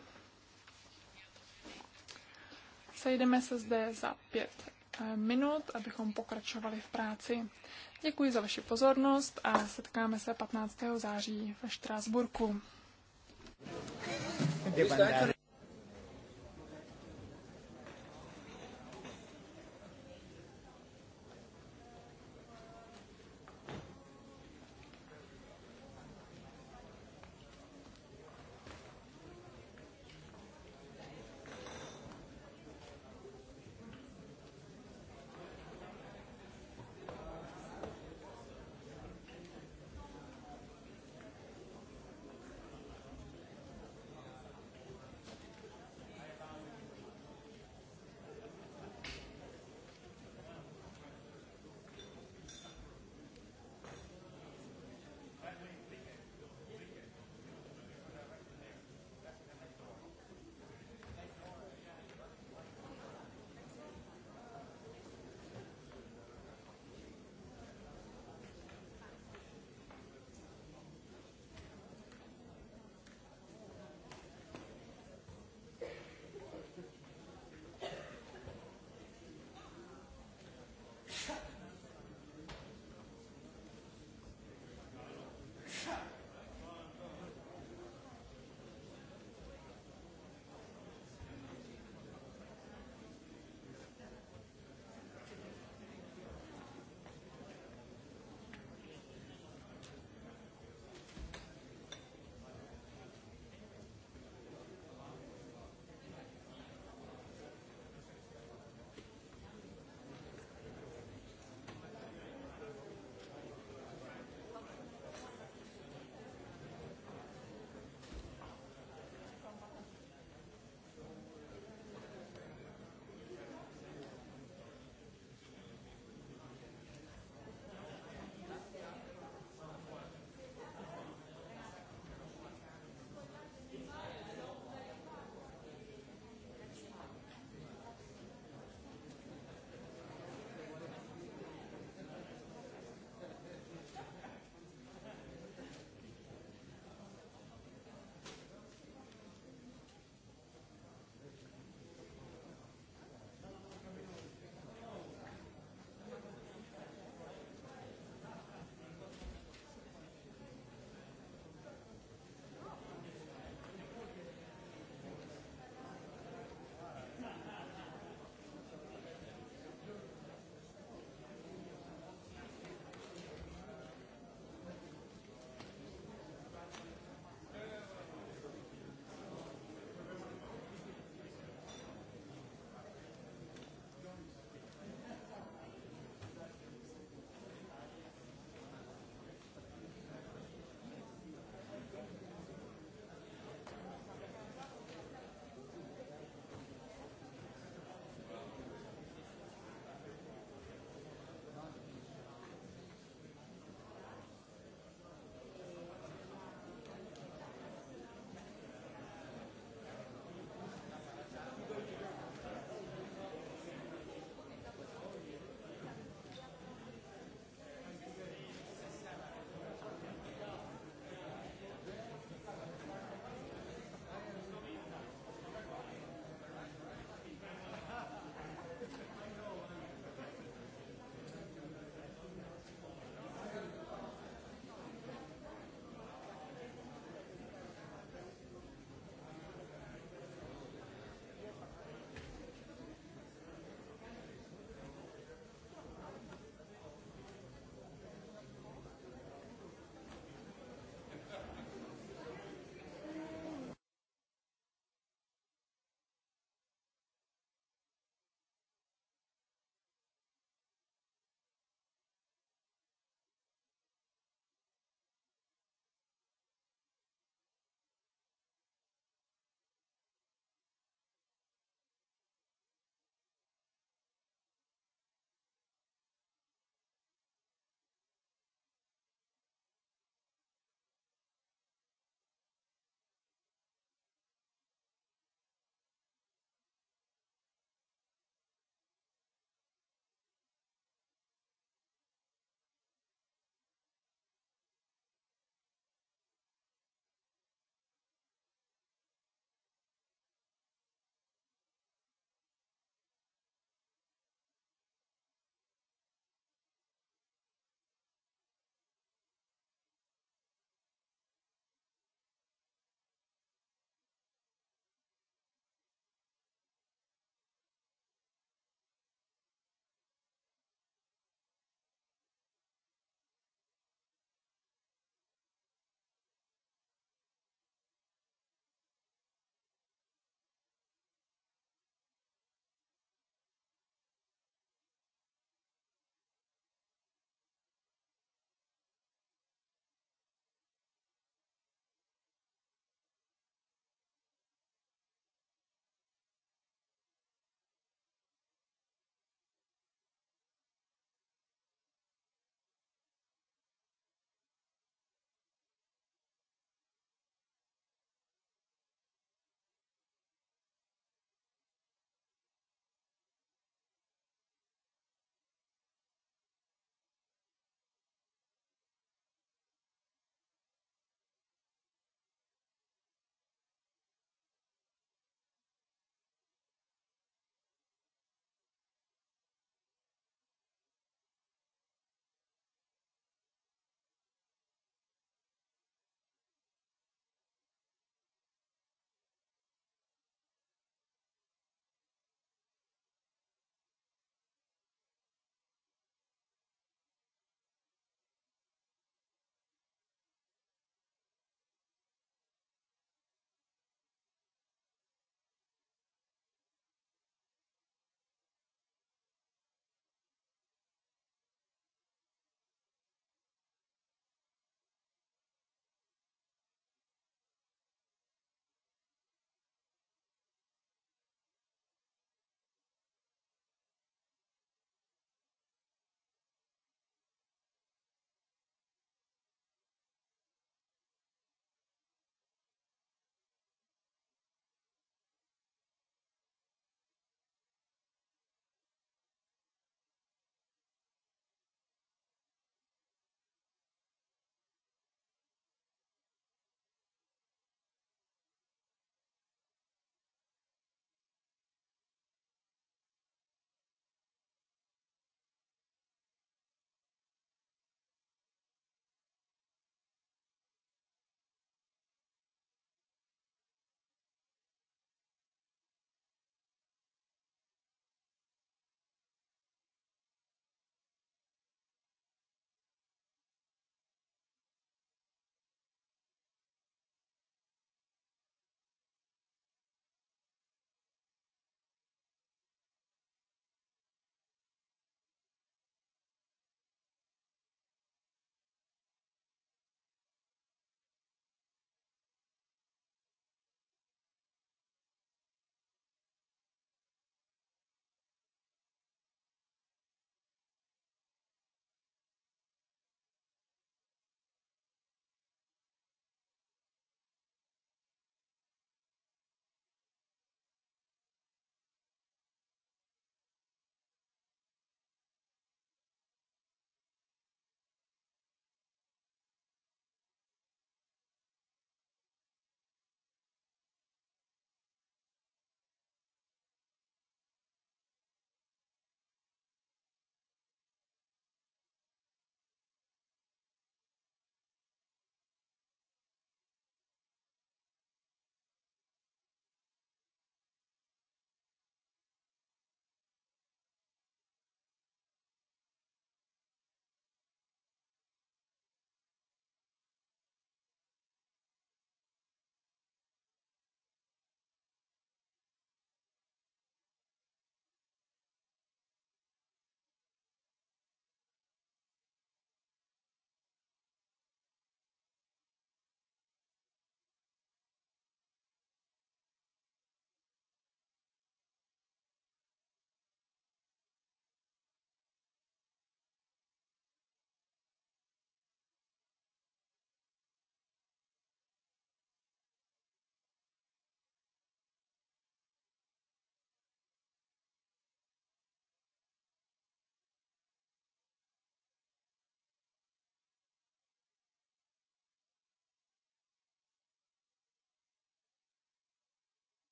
S2: Sejdeme se zde za pět minut, abychom pokračovali v práci. Děkuji za vaši pozornost a setkáme se 15. září ve Štrásburku.